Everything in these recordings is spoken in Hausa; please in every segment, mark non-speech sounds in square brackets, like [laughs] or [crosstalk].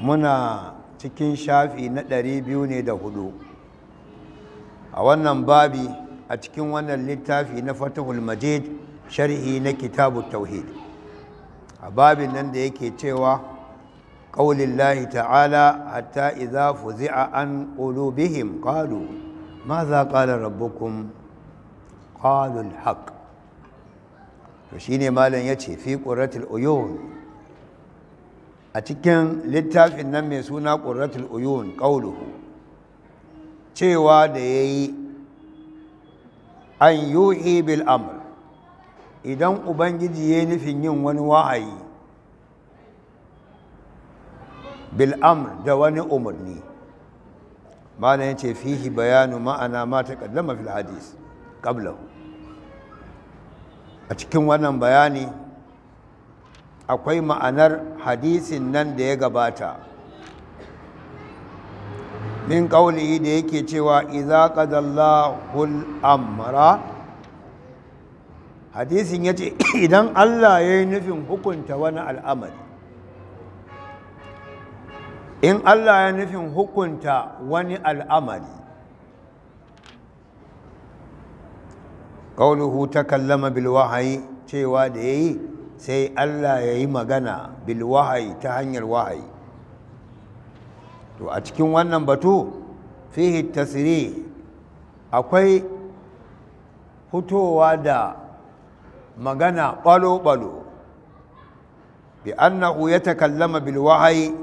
muna cikin shafi na ɗari biyu ne da hudu a wannan babi a cikin wannan littafi na fatahul majid sharhi na kitabu tauhid a babin nan da yake cewa ƙaunin lahi ta'ala hatta iza fuzi'a an ƙulubihim ƙalu ma za ƙalar rabbukum ƙalul haƙ to shi ne malam ya ce fi ƙuratul uyun a cikin littafin nan mai suna ƙurratul uyun ƙauluhu cewa da ya yi an yuhi bil amr idan ubangiji ya nufin yin wani wahayi. bil amr da wani umarni mana yace fihi bayanu ma'ana ma taqaddama fil hadis qablahu a cikin wannan bayani akwai ma'anar hadisin nan da ya gabata min kauli da yake cewa iza ƙadallahul amra hadisin ya ce [clears throat] idan Allah ya yi nufin hukunta wani al'amari in Allah ya nufin hukunta wani al'amari kauluhu ta kallama bilwahayi cewa da ya yi sai Allah ya yi magana bil wahayi ta hanyar wahai. to a cikin wannan batu fihi tasiri akwai hutowa da magana ɓalo-ɓalo bi annahu ya takallama bil wahayi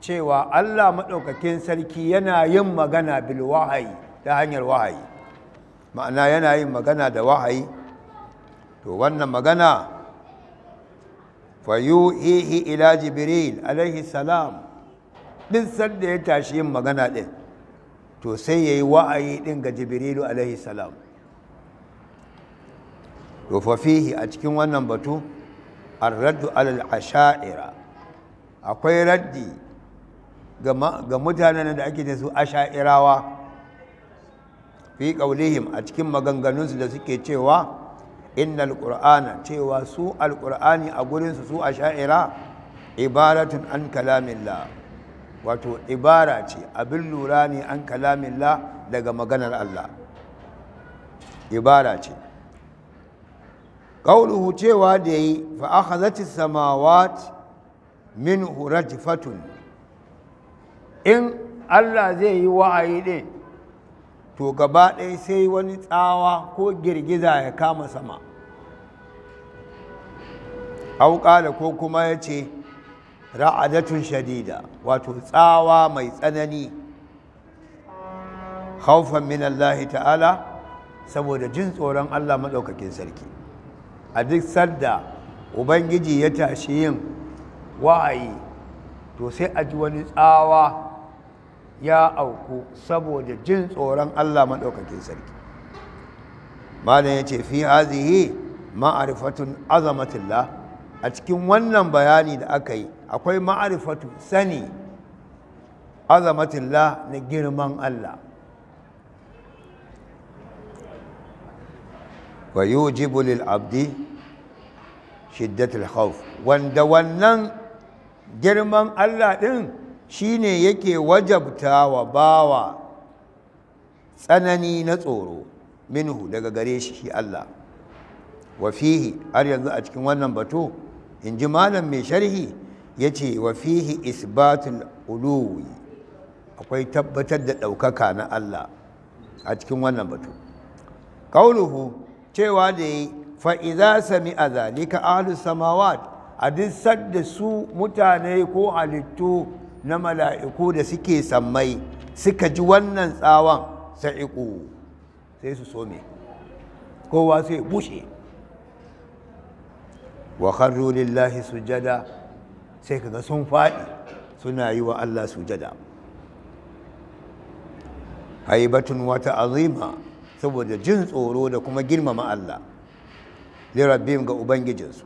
cewa Allah maɗaukakin sarki yana yin magana bilwahai ta hanyar wahai. ma'ana yana yin magana da wahayi to wannan magana fayuhihi ila jibril alaihi salam din sanda ya tashi yin magana din to sai yayi wa'ayi din ga jibrilu alaihi salam to fa fihi a cikin wannan batu ar-raddu al asha'ira akwai raddi ga mutanen da ake dasu su asha'irawa fi qaulihim a cikin maganganunsu da suke cewa innal qur'ana cewa su alqur'ani a gurinsu su asha'ira ibaratun an kalamillah wato ibara ce abin lura ne an kalamillah daga maganar Allah ibara ce qauluhu cewa da yi fa akhazati samawat min rajfatun in Allah zai yi wa'ayi ɗin to gaba ɗaya sai wani tsawa ko girgiza ya kama sama auƙala ko kuma ya ce ra'adatun shadida wato tsawa mai tsanani haufan min Allah ta'ala saboda jin tsoron Allah maɗaukakin sarki a duk sadda ubangiji ya tashi yin wa'ayi to sai a ji wani tsawa ya auku saboda jin tsoron Allah maɗaukakin sarki malam ya ce fi hazihi ma'arifatun azamatillah a cikin wannan bayani da aka yi akwai ma'arifatu sani azamatillah na girman Allah wa yujibu lil abdi shiddatul khawf wanda wannan girman Allah din shine yake wajabta wa bawa tsanani na tsoro minhu daga gare shi Allah wa fihi har yanzu a cikin wannan batu in malam mai sharhi ya ce wa fihi isbatul uluwi akwai tabbatar da ɗaukaka na Allah a cikin wannan batu kauluhu cewa da yi fa'iza sami a zalika ahlus samawat a duk da su mutane ko halittu na mala'iku da suke sammai suka ji wannan tsawon sa'iku sai su some kowa sai bushe wa kharru lillahi sujada sai kaga sun faɗi suna yi wa Allah sujada haibatun wata azima saboda jin tsoro da kuma girmama Allah lirabbim ga ubangijinsu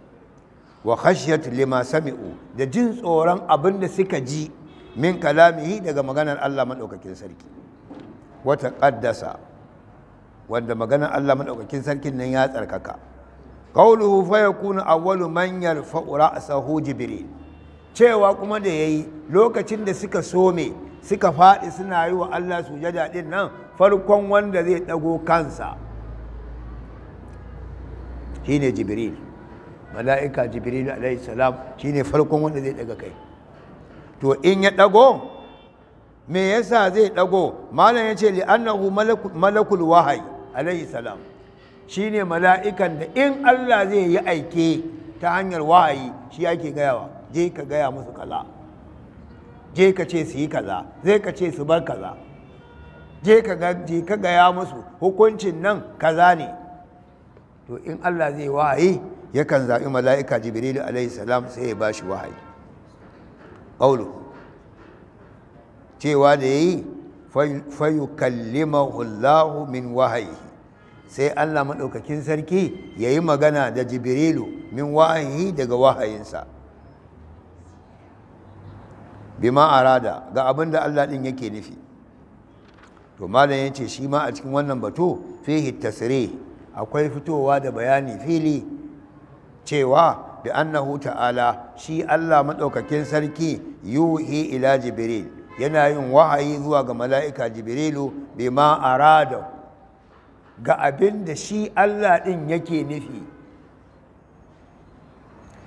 wa khashyat lima sami'u da jin tsoron abin da suka ji min kalamihi daga maganar Allah madaukakin sarki wata qaddasa wanda maganar Allah madaukakin sarkin nan ya tsarkaka qawluhu fa yakunu manyan fa'ura a sahu jibril cewa kuma da yayi lokacin da suka some suka faɗi suna yi wa Allah su sujada ɗin nan farkon wanda zai ɗago kansa shine jibril mala'ika jibril alayhi salam shine farkon wanda zai ɗaga kai to in ya ɗago me yasa zai ɗago malam ya ce li'annahu malakul wahayi alayhi salam shine mala'ikan da in Allah zai yi aike ta hanyar wahayi shi ake gayawa je ka gaya musu kaza je ka ce su yi kaza zai ka ce su bar kaza je ka gaya musu hukuncin nan kaza ne to in Allah zai wahayi yakan zaɓi mala'ika jibrilu alaihi sai ya shi wahayi ƙaulu cewa da ya yi fayukallimahu min wahayi sai Allah maɗaukakin sarki ya yi magana da jibrilu min wahayi daga wahayinsa bima arada ga abin da Allah ɗin yake nufi to malam ya ce shi ma a cikin wannan batu fihi tasiri akwai fitowa da bayani fili cewa da annahu ta'ala shi Allah maɗaukakin sarki yuhi ila jibril yana yin wahayi zuwa ga mala'ika jibrilu bima ga abin da shi Allah ɗin yake nufi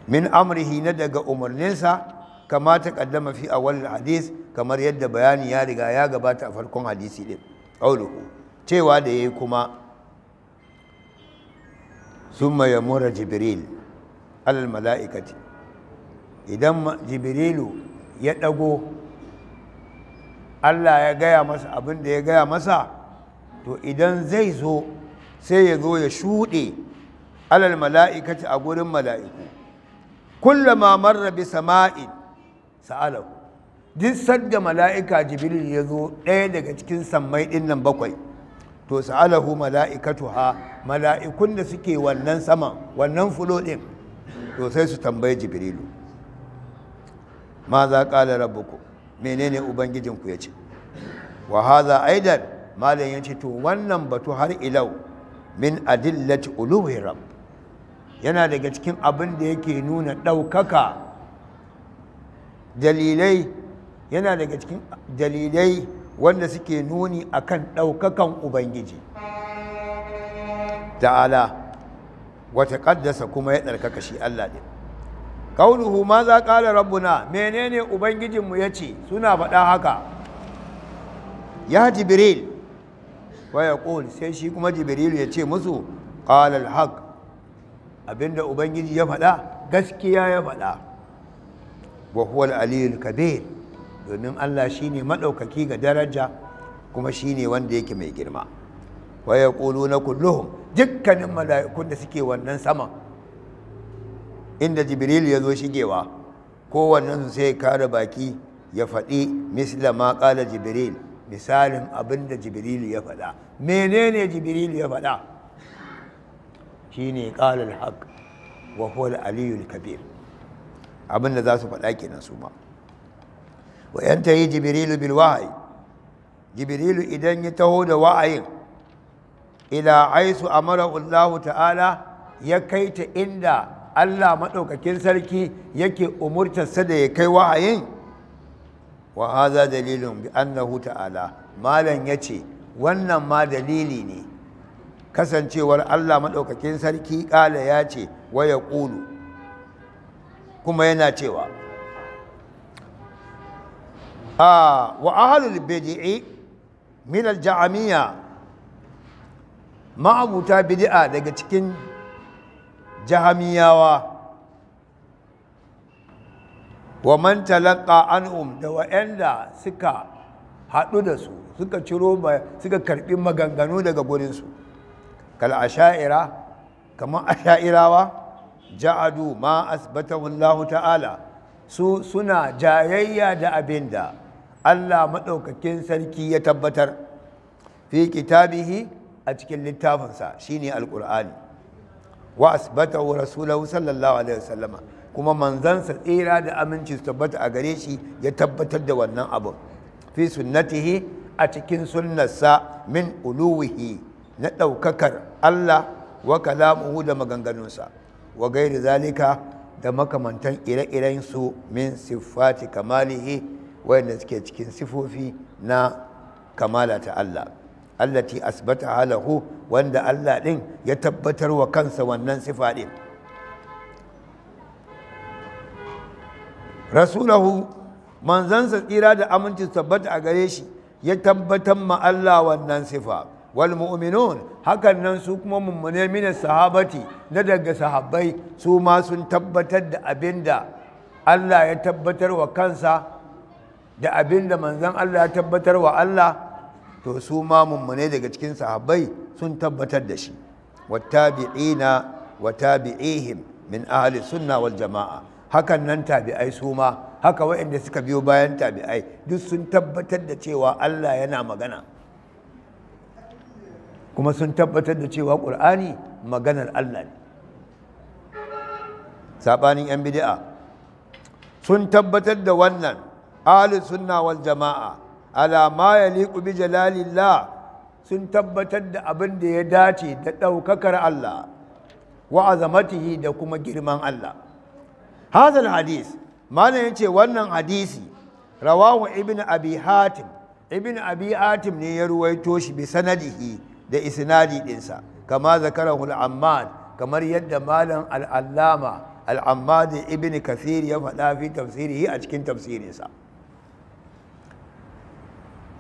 min amrihi na daga umarninsa kama ta kaddama fi awal hadis kamar yadda bayani ya riga ya gabata a farkon hadisi ɗin ƙauluhu cewa da yi kuma summa mura jibril alal mala'ikati idan jibrilu ya ɗago Allah ya gaya masa abin da ya gaya masa to idan zai zo sai ya zo ya shuɗe alal mala'ikaci a gurin mala'iku kullama marra bi sama'in sa’alaku duk sadda mala'ika jibril ya zo ɗaya daga cikin sammai ɗin nan bakwai to sa'alahu mala'ikatu ha mala'ikun da suke wannan sama wannan fulo ɗin to sai su tambayi jibrilu ma za rabu ku menene ubangijinku ya ce wa haza aidan malam ya ce to wannan batu har ilau min adillati uluhi rab yana daga cikin abin da yake nuna ɗaukaka dalilai yana daga cikin dalilai wanda suke nuni akan ɗaukakan ubangiji ta'ala wata ƙaddasa kuma ya ɗarkaka shi Allah ɗin kaunuhu ma za ƙala rabbuna menene ubangijinmu ya ce suna faɗa haka ya jibril waya ƙul sai shi kuma jibrilu ya ce musu ƙalal haƙ abinda ubangiji ya faɗa gaskiya ya faɗa wa aliyul kabir domin allah shine maɗaukaki ga daraja kuma shine wanda yake mai girma waya ƙulu na kulluhum dukkanin mala'ikun da suke wannan sama inda jibrilu ya zo shigewa kowannensu sai ya kare baki ya faɗi misla ma ƙala jibril misalin abin da jibrilu ya faɗa menene jibrilu ya faɗa shine qalal haq wa huwa al-aliyul kabir abin da za su faɗa kenan su ma wa yi jibrilu bil wahyi jibrilu idan ya taho da wa'ayin ila aisu amara Allah ta'ala ya kai ta inda Allah maɗaukakin sarki yake umurtarsa da ya kai wa'ayin wa haza dalilin bi annahu ta'ala malam yace wannan ma dalili ne kasancewar Allah madaukakin sarki kala yace ce wa yaqulu kuma yana cewa a wa ahlul bid'i min al-ja'miyya ma'abuta bid'a daga cikin jahamiyawa wa man talaqa anhum da wa'anda suka haɗu da su suka ciro suka karɓi maganganu daga gurinsu kal asha'ira kamar [laughs] asha'irawa ja'adu ma asbatahu Allah ta'ala su suna jayayya da abin da Allah maɗaukakin sarki ya tabbatar fi kitabihi a cikin littafinsa shine alqur'ani wa asbatahu rasulahu sallallahu alaihi wasallama kuma manzansa tsira da aminci su tabbata a gare shi ya tabbatar da wannan abun. fi sunnatihi a cikin sunnarsa min uluwihi na ɗaukakar Allah wa kalamuhu da maganganunsa wa gairi zalika da makamantan ire-iren su min siffati kamalihi wanda suke cikin sifofi na kamala ta Allah allati asbata halahu wanda Allah ɗin ya tabbatar wa kansa wannan sifa ɗin rasulahu manzansa tsira da aminci tabbata a gare shi ya tabbatar ma Allah wannan sifa wal mu'minun hakan nan su kuma mummune min sahabati na daga sahabbai su ma sun tabbatar da abinda Allah ya tabbatar wa kansa da abinda manzan Allah ya tabbatar wa Allah to su ma mummune daga cikin sahabbai sun tabbatar da shi wattabi'ina wa tabi'ihim min ahli sunna wal jama'a hakan nan tabi'ai su ma haka waɗanda suka biyo bayan tabi'ai duk sun tabbatar da cewa Allah yana magana kuma sun tabbatar da cewa ƙur'ani maganar Allah ne saɓanin 'yan bidi'a sun tabbatar da wannan ahli sunna wal jama'a ala ma bi jalalillah sun tabbatar da abin da ya dace da ɗaukakar Allah wa azamatihi da kuma girman Allah hazal hadis malam yace wannan hadisi rawahu ibn abi hatim ibn abi ne ya ruwaito shi bi sanadihi da isnadi dinsa kama zakarahu al kamar yadda malam al'alama, allama al-ammad ibn kathir ya faɗa fi tafsirihi a cikin tafsirinsa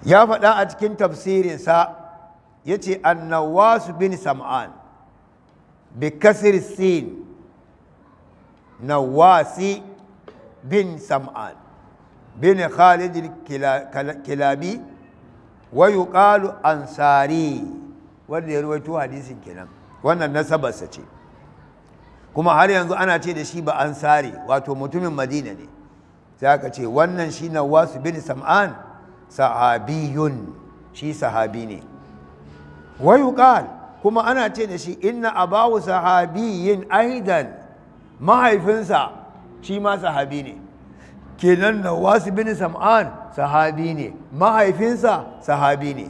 ya faɗa a cikin tafsirinsa yace annawas bin sam'an bi kasr nawasi bin sam'an bin khalid kilabi wa yuqalu ansari wanda ya ruwaito hadisin kenan wannan nasabarsa ce kuma har yanzu ana ce da shi ba ansari wato mutumin madina ne sai aka ce wannan shi nawasu bin sam'an sahabiyun shi sahabi ne wa yuqal kuma ana ce da shi inna abahu sahabiyin aidan mahaifinsa shi ma sahabi ne kenan nawas bin sam'an sahabi ne mahaifinsa sahabi ne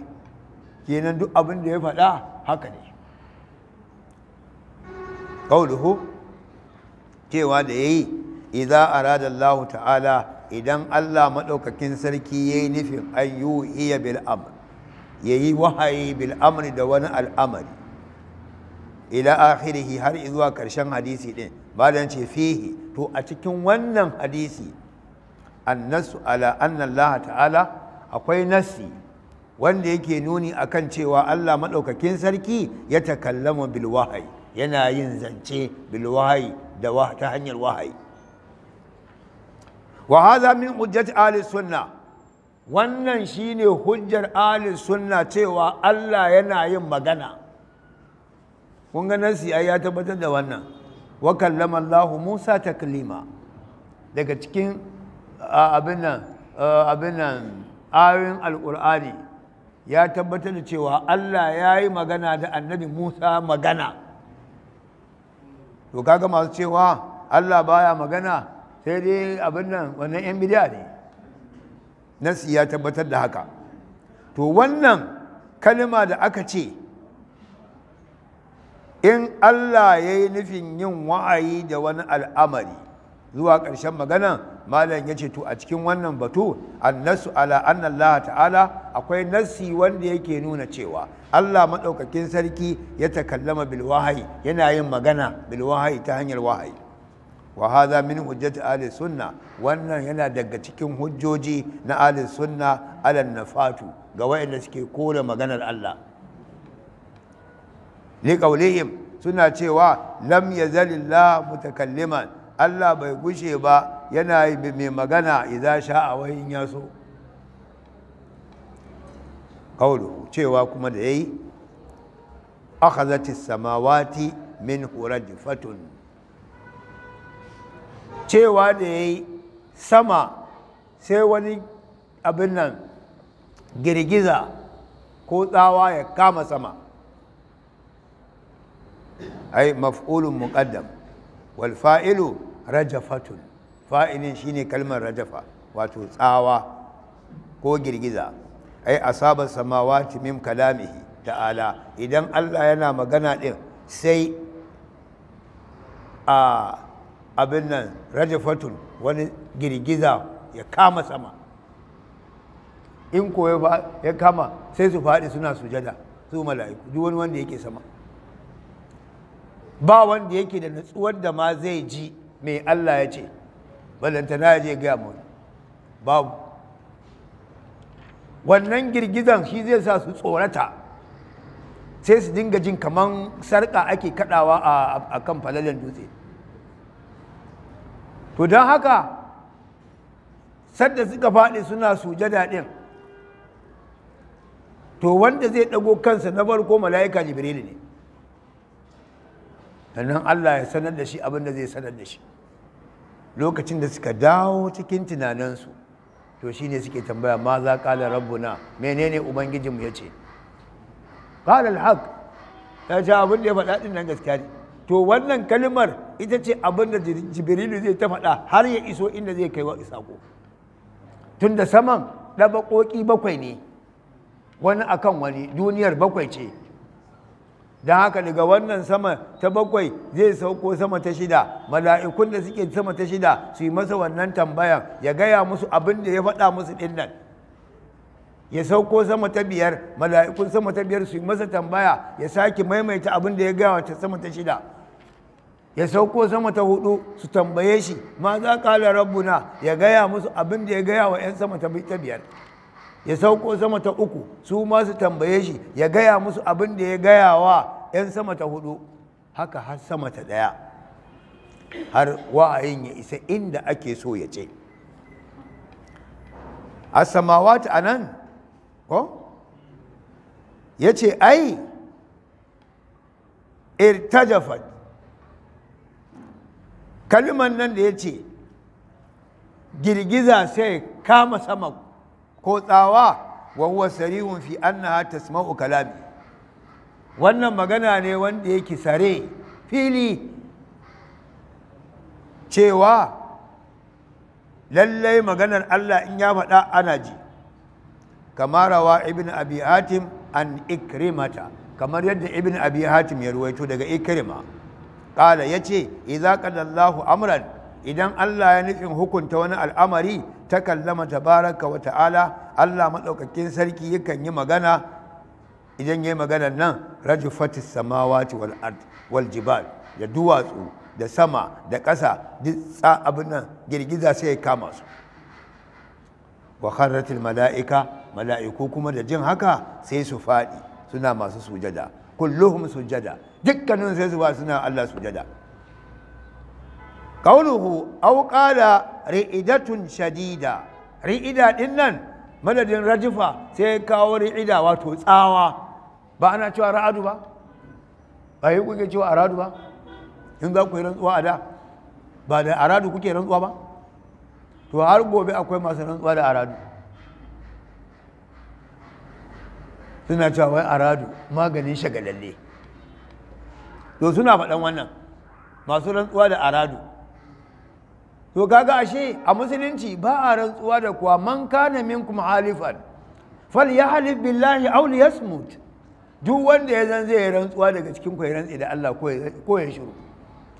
kenan duk abin da ya faɗa haka ne ƙauluhu cewa da ya yi idza Allah ta'ala idan Allah maɗaukakin sarki ya yi nufin an iya bil'amur ya yi wahayi bil da wani al'amari ila akhirihi har zuwa ƙarshen hadisi ɗin malam ce fihi to a cikin wannan hadisi annasu ala anna ta'ala akwai nasi wanda yake nuni akan cewa Allah madaukakin sarki ya takallama bil yana yin zance bil da ta hanyar wahayi wa hadha min hujjat ahli sunna wannan shine hujjar ahli sunna cewa Allah yana yin magana kun ga nasi ai ya tabbatar da wannan wa kallama Allahu Musa taklima daga cikin abin nan abin nan ayoyin alqur'ani ya tabbatar da cewa Allah ya yi magana da annabi Musa magana to kaga masu cewa Allah baya magana sai dai abin nan wannan yan bidiya ne nasi ya tabbatar da haka to wannan kalma da aka ce in Allah ya yi nufin yin wa'ayi da wani al'amari zuwa ƙarshen magana malam ya ce to a cikin wannan batu annasu ala annallaha ta'ala akwai nasi wanda yake nuna cewa Allah maɗaukakin sarki ya takallama bil yana yin magana bilwahayi ta hanyar wahayi wa hadha min hujjati Ali sunna wannan yana daga cikin hujjoji na Ali sunna na nafatu ga wayanda suke kore maganar Allah li suna cewa lam yazalillah mutakalliman Allah bai gushe ba yana mai magana idza sha wa in yaso qawlu cewa kuma da yayi akhazatis samawati min hurajfatun cewa da yi sama sai wani abin nan girgiza ko tsawa ya kama sama ai maf'ulun muqaddam wal fa'ilu rajafatun fa'ilin shine kalmar rajafa wato tsawa ko girgiza ai asabar samawati min kalamihi ta'ala idan Allah yana magana din sai a abin nan rajafatun wani girgiza ya kama sama in koyo ba ya kama sai su faɗi suna sujada su mala'iku duk wani wanda yake sama ba wanda yake da nutsuwar da ma zai ji mai Allah ya ce balantana ya je gaya mu babu wannan girgizan shi zai sa su tsorata sai su dinga jin kaman sarƙa ake kaɗawa a kan falalen dutse to don haka sadda suka faɗi suna sujada ɗin to wanda zai ɗago kansa na farko mala'ika jibrilu ne sannan Allah ya sanar da shi abin da zai sanar da shi lokacin da suka dawo cikin tunaninsu to shi ne suke tambaya ma za ƙala rabbuna menene ubangijinmu ya ce ƙala alhaq ya ce abin da ya faɗa ɗin nan gaskiya ne to wannan kalmar ita ce abin da jibrilu zai ta faɗa har ya iso inda zai kai wa isako tun da saman ɗabaƙoƙi bakwai ne wani akan wani duniyar bakwai ce don haka daga wannan sama ta bakwai zai sauko sama ta shida mala'ikun da suke sama ta shida su yi masa wannan tambayan ya gaya musu abin da ya faɗa musu ɗin nan ya sauko sama ta biyar mala'ikun sama ta biyar su yi masa tambaya ya sake maimaita abin da ya gaya ta sama ta shida ya sauko sama ta hudu su tambaye shi ma za ƙala rabbuna ya gaya musu abin da ya gaya wa 'yan sama ta biyar ya sauko sama ta uku su ma su tambaye shi ya gaya musu abin da ya gaya wa 'yan sama ta hudu haka har sama ta ɗaya har wa'ayin ya isa inda ake so ya ce samawata a anan ko yace ai irtajafat kalman nan da yace girgiza sai kama sama ko tsawa wa huwa sarihun fi annaha tasma'u kalami wannan magana ne wanda yake sare fili cewa lallai maganar Allah in ya faɗa ana ji kamar wa ibn abi hatim an ikrimata kamar yadda ibn abi hatim ya ruwaito daga ikrima ya yace idza qadallahu amran idan Allah ya nufin hukunta wani al'amari ta kallama tabaraka wa ta'ala Allah maɗaukakin sarki yakan yi magana idan ya yi maganar nan rajufatis samawati wal ard wal jibal da duwatsu da sama da ƙasa duk tsa abin nan girgiza sai ya kama su wa kharratil mala'ika mala'iku kuma da jin haka sai su faɗi suna masu sujada kulluhum sujada dukkanin sai su ba suna Allah sujada ƙaunuhu auƙala ri'idatun shadida ri'ida ɗin nan madadin rajifa sai ya kawo ri'ida wato tsawa ba ana cewa ra'adu ba ba yi kuke cewa aradu ba in za ku yi rantsuwa a da ba da aradu kuke rantsuwa ba to har gobe akwai masu rantsuwa da aradu suna cewa wai aradu maganin shagalalle to suna faɗan wannan masu rantsuwa da aradu to kaga ashe a musulunci ba a rantsuwa da kuwa man kana minkum halifan fal halif billahi aw liyasmut duk wanda ya zan zai rantsuwa daga cikin ku ya rantsi da Allah ko ya shiru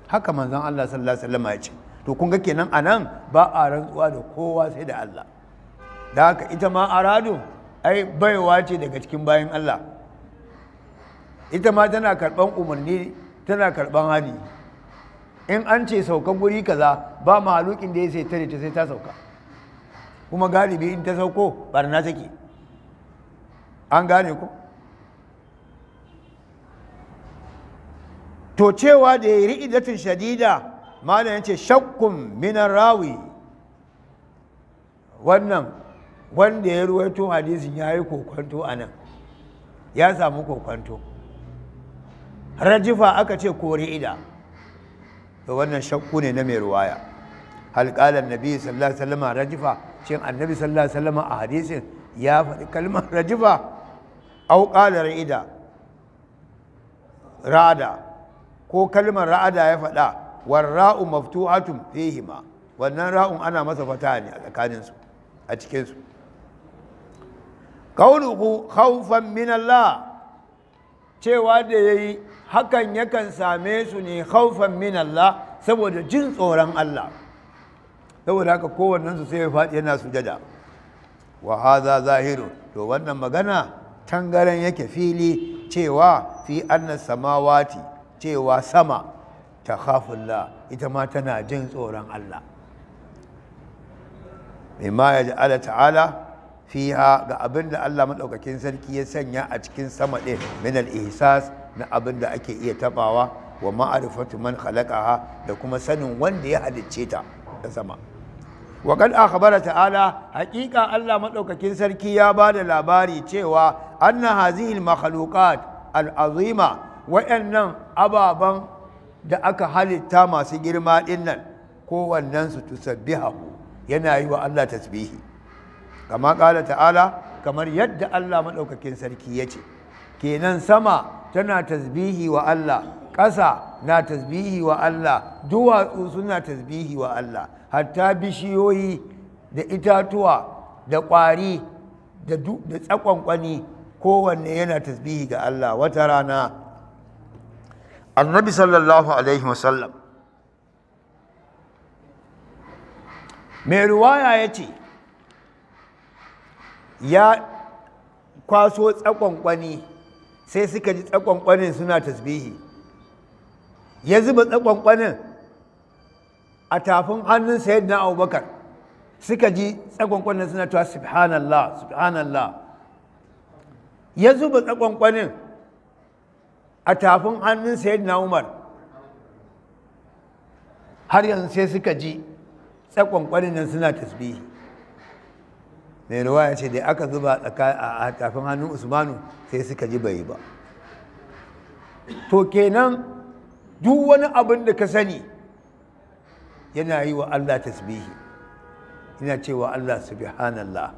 haka manzon Allah sallallahu alaihi wasallam ya ce to kun ga kenan anan ba a rantsuwa da kowa sai da Allah da haka ita ma aradu ai baiwa ce daga cikin bayan Allah ita ma tana karban umarni tana karban hani in an ce sauka guri kaza ba mahalukin da ya sai tare ta sai ta sauka kuma galibi in ta sauko barna take an gane ku to cewa da ya yi ri'idatun shadida mana ya ce shakkun minan rawi wannan wanda ya ruwaito hadisin ya yi kokwanto a nan ya samu kokwanto rajifa aka ce ko ri'ida to wannan shakku ne na mai ruwaya hal qala annabi sallallahu alaihi wasallam rajifa shin annabi sallallahu alaihi wasallam a hadisin ya faɗi kalmar [laughs] rajifa aw qala ra'ida ra'ada ko kalmar ra'ada ya faɗa war ra'u maftuhatun fihima wannan ra'un ana masa fata ne a tsakaninsu a cikinsu kauluhu khawfan min Allah cewa da yayi hakan yakan same su ne haufan min Allah saboda jin tsoron Allah saboda haka kowannensu sai ya faɗi yana sujada wa haza zahiru to wannan magana tangaren yake fili cewa fi annas samawati cewa sama ta khafullah ita ma tana jin tsoron Allah mimma ya ja'ala ta'ala fiha ga abin da Allah maɗaukakin sarki ya sanya a cikin sama ɗin min al-ihsas na abin da ake iya tabawa wa ma'arifatu man khalaqaha da kuma sanin wanda ya halicce ta da sama wa kad akhbara ta'ala haqiqa Allah madaukakin sarki ya ba da labari cewa anna hazihi al-makhluqat al-azima ababan da aka halitta masu girma dinnan kowannen su tusabbihu yana yi wa Allah tasbihi kama qala ta'ala kamar yadda Allah madaukakin sarki yace kenan sama tana tasbihi wa Allah ƙasa na tasbihi wa Allah duwatsu suna tasbihi wa Allah hatta bishiyoyi da itatuwa da ƙwari da tsakonkwani kowanne yana tasbihi ga Allah wata rana annabi sallallahu alaihi wasallam mai ruwaya ya ce ya kwaso tsakonkwani sai suka ji tsakonkwanin suna tasbihi ya zuba tsakonkwanin a tafin hannun na abubakar suka ji tsakonkwanin suna tuwa subhanallah subhanallah ya zuba tsakonkwanin a tafin hannun na umar har yanzu sai suka ji tsakonkwanin suna tasbihi mai ruwaya ya ce da aka zuba a tafin hannun usmanu sai suka ji bai ba to kenan duk wani abin da ka sani yana yi wa allah tasbihi yana cewa allah subhanallah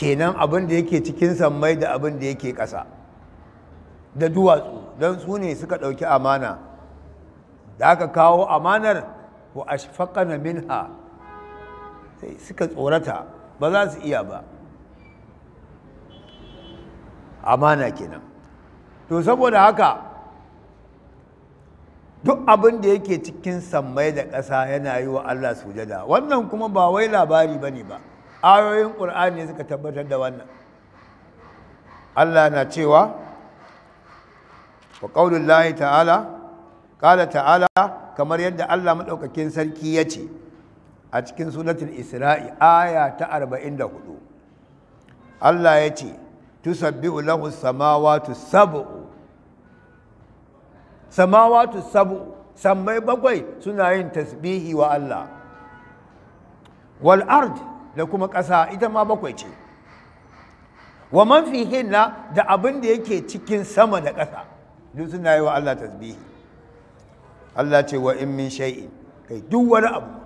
kenan abin da yake cikin sammai da abin da yake ƙasa da duwatsu don su ne suka ɗauki amana da aka kawo amanar wa ashfaqana minha sai suka tsorata ba za su iya ba amana kenan to saboda haka duk abin da yake cikin sammai da ƙasa yana yi wa Allah sujada wannan kuma ba wai labari ba ne ba ayoyin ƙur'ani suka tabbatar da wannan Allah na cewa wa ƙaunin ta'ala ƙala ta'ala kamar yadda Allah maɗaukakin sarki ya ce a cikin suratul isra'i aya ta 44 Allah ya ce tusabbihu lahu samawati sab'u samawati sab'u sammai bakwai suna yin tasbihi wa Allah wal ard da kuma ƙasa ita ma bakwai ce wa man fihinna da abin da yake cikin sama da ƙasa duk suna yi wa Allah tasbihi Allah ce wa in min shay'in kai duk wani abu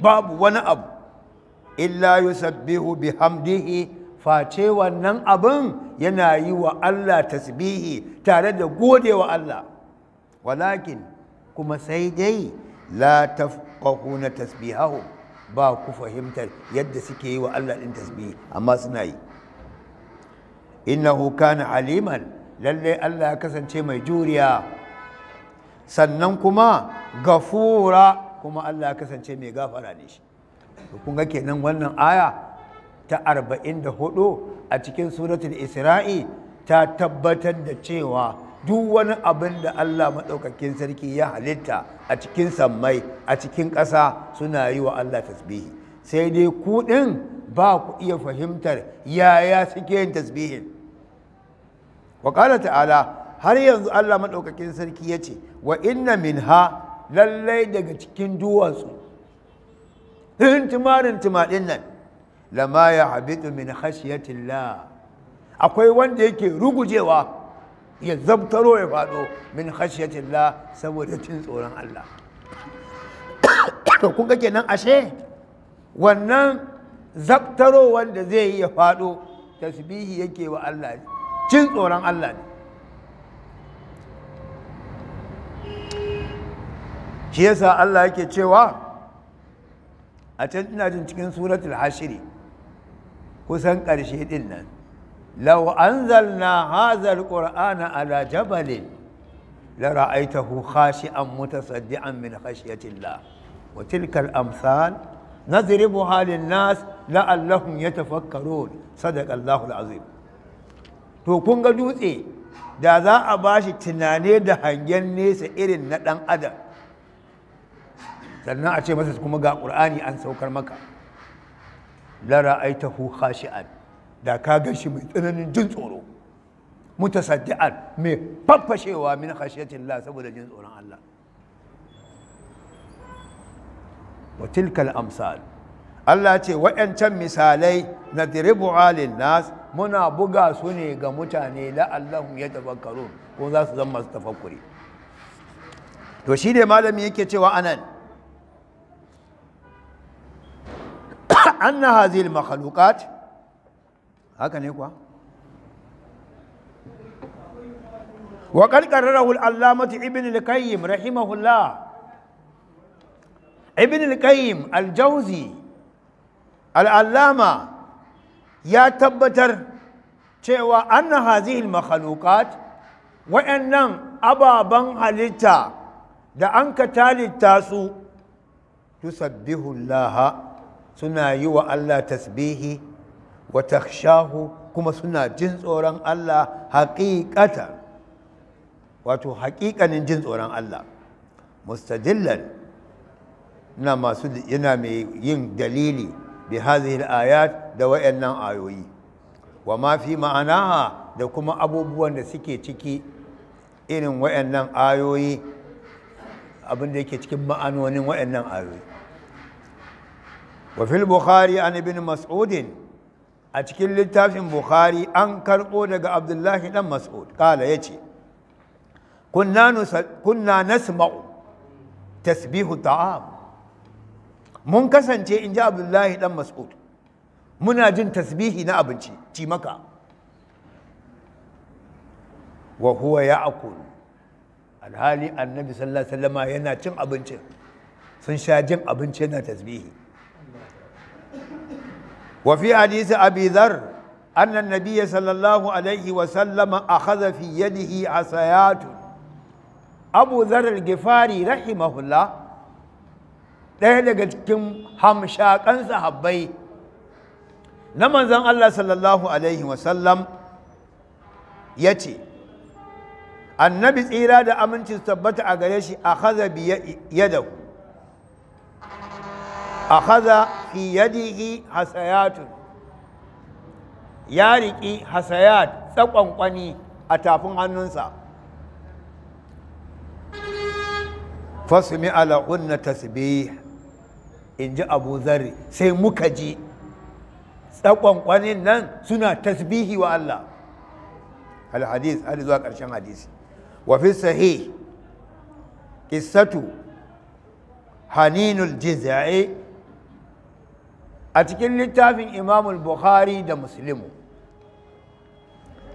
babu wani abu illa yusabbihu bihamdihi face wannan abin yana yi wa Allah tasbihi tare da gode wa Allah walakin kuma sai dai la tafqahuna tasbihahu ba ku fahimtar yadda suke yi wa Allah din tasbihi amma suna yi innahu kana aliman lalle Allah ya kasance mai juriya sannan kuma gafura kuma Allah ya kasance mai gafara ne shi kun ga kenan wannan aya ta arba'in da 44 a cikin suratul isra'i ta tabbatar da cewa duk wani abin da Allah maɗaukakin sarki ya halitta a cikin sammai a cikin ƙasa suna yi wa Allah tasbihi sai dai kuɗin ba ku iya fahimtar yaya suke yin tasbihin wa ta'ala har yanzu Allah maɗaukakin sarki ya ce wa inna min ha lallai daga cikin duwatsu in tumarin tumaɗin nan lama ya habitu min khashiyatillah akwai wanda yake rugujewa ya zabtaro ya faɗo min khashiyatillah saboda cin tsoron Allah to kun ga kenan ashe wannan zabtaro wanda zai yi ya faɗo tasbihi yake wa Allah cin tsoron Allah ne shi yasa Allah yake cewa a can ina jin cikin suratul hashiri kusan ƙarshe ɗin nan law anzalna hadha alqur'ana ala jabalin la ra'aytahu khashi'an mutasaddian min khashyatillah wa tilka al-amsal nadribuha lin-nas la'allahum yatafakkarun sadaqa Allahu azim to kun ga dutse da za a bashi tunane da hangen nesa irin na ɗan adam sannan a ce masa kuma ga ƙur'ani an saukar maka lara aitahu khashi'an da ka ga shi mai tsananin jin tsoro mutasaddi'an mai faffashewa min khashiyatin Allah saboda jin tsoron Allah wa tilkal amsal Allah ce waɗancan misalai na diribu alin nas muna buga su ne ga mutane la'allahu ya tafakkaru ko za su zama masu tafakkuri to shi ne malami yake cewa anan anna hazil makhluqat haka ne kuwa wa al ibn al-qayyim rahimahullah ibn al-qayyim al-jawzi al ya tabbatar cewa anna hazil makhluqat wa'annan ababan halitta da an ka talitta su tusabbihu suna yi wa Allah tasbihi wa takshahu kuma suna jin tsoron Allah haƙiƙata wato haƙiƙanin jin tsoron Allah mustajillan na masu yana mai yin dalili bi hazihil ayat da wayannan ayoyi wa ma fi ma'anaha da kuma abubuwan da suke ciki irin wayannan ayoyi abin da yake cikin ma'anonin wayannan ayoyi wa fil bukhari an ibn mas'ud a cikin littafin bukhari an karbo daga abdullahi dan mas'ud kala yace kunna kunna nasma'u tasbihu ta'am mun kasance in ji abdullahi dan mas'ud muna jin tasbihi na abinci ci maka wa huwa ya'kul alhali annabi sallallahu yana cin abincin sun sha jin abinci yana tasbihi وفي حديث أبي ذر أن النبي صلى الله عليه وسلم أخذ في يده عصايات أبو ذر الغفاري رحمه الله ɗaya daga cikin hamshakan sahabbai na manzon Allah sallallahu alaihi wasallam ya ce annabi tsira da aminci tabbata a gare shi a akhadha fi yadihi hasayatun ya riƙi hasayat tsakonkwani a tafin hannunsa fasumi ala unna tasbih in ji abu zari sai muka ji tsakonkwanin nan suna tasbihi wa Allah alhadis har zuwa ƙarshen hadisi wa fi sahih qissatu haninul jizai a cikin littafin imamul bukhari da muslimu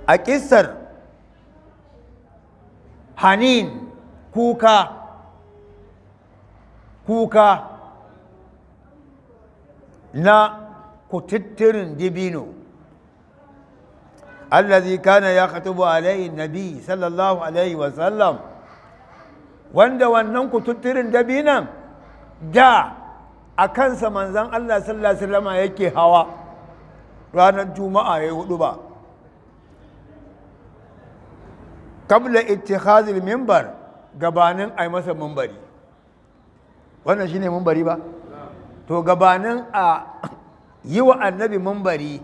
a ƙisar hanin kuka kuka na kututturin dibino allazi kana ya khatubu alaihi nabi sallallahu alaihi wasallam wanda wannan kututturin dabinan da a kansa manzan Allah sallallahu alaihi wasallam yake hawa ranar juma'a ya hudu ba kabla ittikhazil mimbar gabanin ai masa mimbari wannan shine mimbari ba to gabanin a yi wa annabi mimbari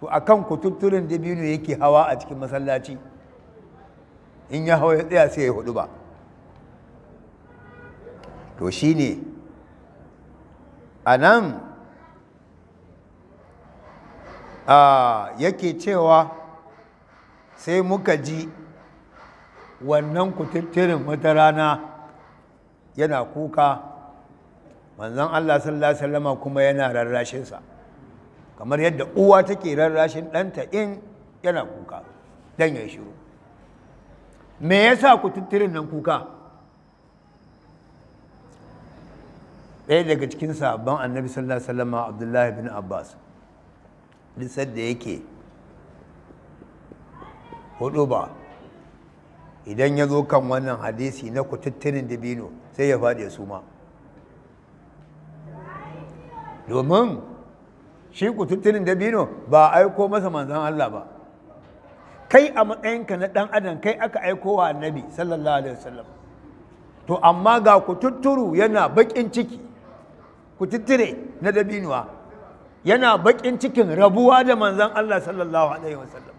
to akan kututturin dabino yake hawa a cikin masallaci in ya hawa ya tsaya sai ya hudu ba to shine a nan yake cewa sai muka ji wannan kututturin wata rana yana kuka manzan Allah sallallahu Alaihi wasallama kuma yana rarrashinsa kamar yadda uwa take rarrashin ɗanta in yana kuka don ya shiru me yasa kututturin nan kuka ɗaya daga cikin sabon annabi sallallahu alaihi wasallam abdullahi bin abbas lissar da yake hudu ba idan ya zo kan wannan hadisi na kututtunin dabino sai ya faɗi su ma domin shi kututtunin dabino ba aiko masa manzan Allah ba kai a matsayinka na ɗan adam kai aka aiko wa annabi sallallahu alaihi wasallam to amma ga kututturu yana baƙin ciki kututtire na dabinuwa yana bakin cikin rabuwa da manzan Allah sallallahu alaihi wasallam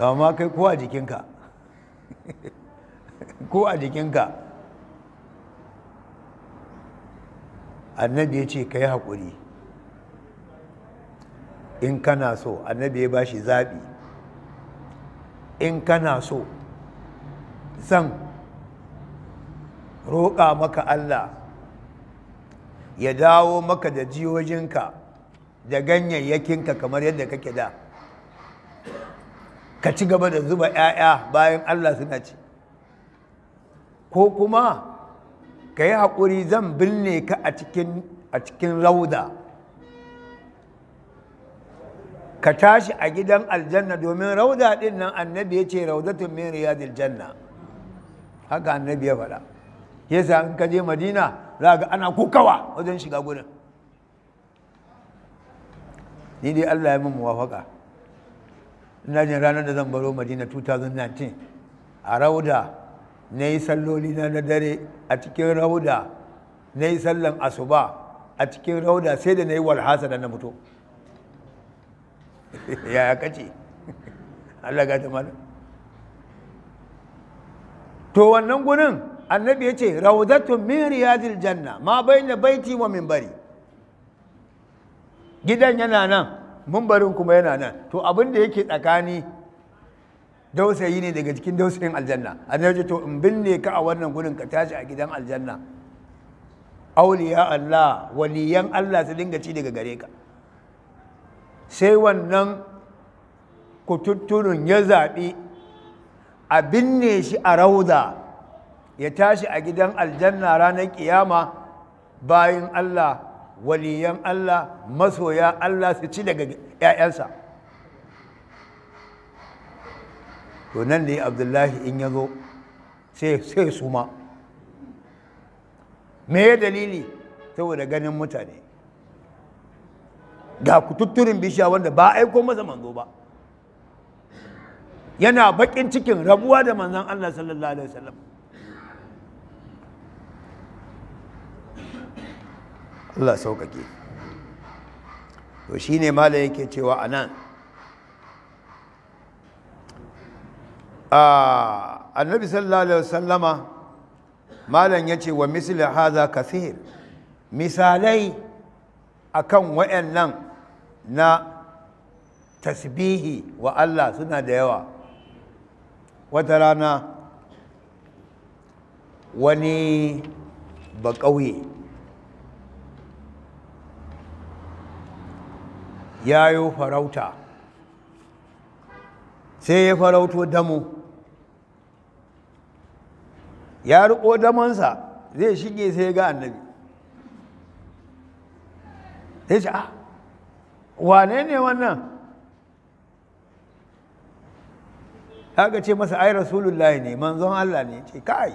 amma kai ko a jikinka [laughs] ko a jikinka annabi ya ce ka yi haƙuri in kana so annabi ya ba shi zaɓi in kana so zan roƙa maka Allah ya dawo maka da jiyojinka da ganyayyakinka kamar yadda kake da ka ci gaba da zuba 'ya'ya bayan Allah suna ci ko kuma ka yi haƙuri zan binne ka a cikin rauda ka tashi a gidan aljanna domin rauda ɗin nan annabi ya ce raudatun min riyadil janna haka annabi ya faɗa yasa in ka je madina za ga ana kukawa wajen shiga gudun. ni dai allah ya min muwafaka ina jin ranar da zan baro madina 2019 a rauda na yi salloli na na dare a cikin rauda na yi sallan asuba a cikin rauda sai da na yi walhasa da na mutu. [laughs] yaya kace [laughs] allah ga ta to wannan gudun. annabi ya ce rawdatun min riyadil janna ma na baiti wa minbari gidan yana nan mumbarin kuma yana nan to abin da yake tsakani dausayi ne daga cikin dausayin aljanna annabi ya to in binne ka a wannan gurin ka tashi a gidan aljanna auliya Allah waliyan Allah su dinga ci daga gare ka sai wannan kututturun ya zaɓi a binne shi a rauda ya tashi a gidan aljanna ranar kiyama bayan Allah waliyan Allah masoya Allah su ci daga ‘ya'yansa to nan ne abdullahi in ya zo sai su ma me ya dalili saboda ganin mutane ga kututturin bishiya wanda ba aiko masa manzo ba yana bakin cikin rabuwa da manzan Allah sallallahu Alaihi wasallam Allah sauƙaƙe to shi ne mala yake cewa a nan annabi sallallahu alaihi wasallama malam ya ce wa misli haza kasir misalai akan wayannan na tasbihi wa Allah suna da yawa wata rana wani ba ƙauye Ya yayo farauta sai ya farauto damo ya riko damonsa zai shige sai ga annabi sai ce ah wane ne wannan haka ce masa ai rasulullahi ne manzon Allah ne ce kai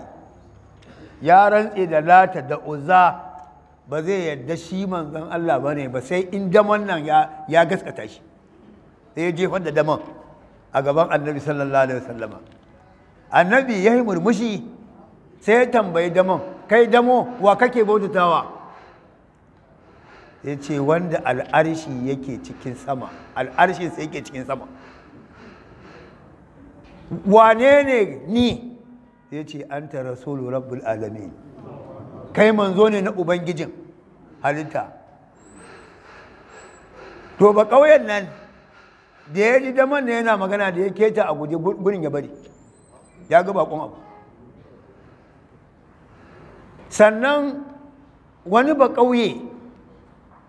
ya rantse da lata da uzza ba zai yarda shi manzon Allah ba ne ba sai in daman nan ya gaskata shi sai ya jefar da daman a gaban annabi sallallahu alaihi wasallama annabi ya yi murmushi sai ya tambayi daman kai damo wa kake bautatawa ya ce wanda al'arshi yake cikin sama al'arshi sai yake cikin sama wane ne ni ya ce an ta rasulu rabbul alamin kai manzo ne na ubangijin halitta to ba ƙauyen nan da ya ji daman ne yana magana da ya keta a guje gurin ya bari ya ga bakon abu sannan wani ba ƙauye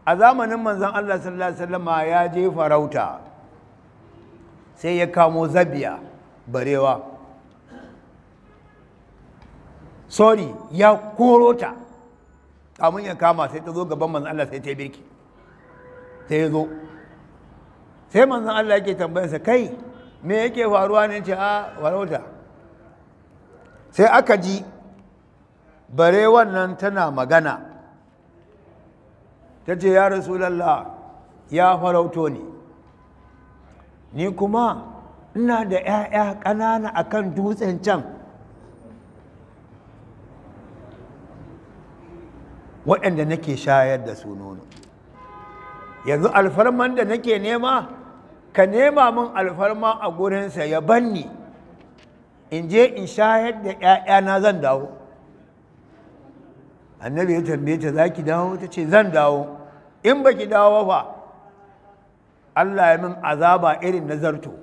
a zamanin manzan Allah sallallahu Alaihi wasallama ya je farauta sai ya kamo zabiya barewa sorry ya koro ta kamun ya kama sai ta zo gaban manzan Allah sai ta birki sai zo sai manzan Allah yake tambayarsa kai me yake faruwa ne ce a ah, warauta sai aka ji bare wannan tana magana ta ce ya rasulallah ya farauto ne ni kuma ina da 'ya'ya ƙanana akan dutsen can waɗanda nake shayar da su nono yanzu alfarman da nake nema ka nema min alfarma a gurinsa ya banni in je in shayar da ‘ya'yana zan dawo annabi ya tambaye ta za ki dawo ta ce zan dawo in ba ki dawo ba Allah ya min azaba irin na zarto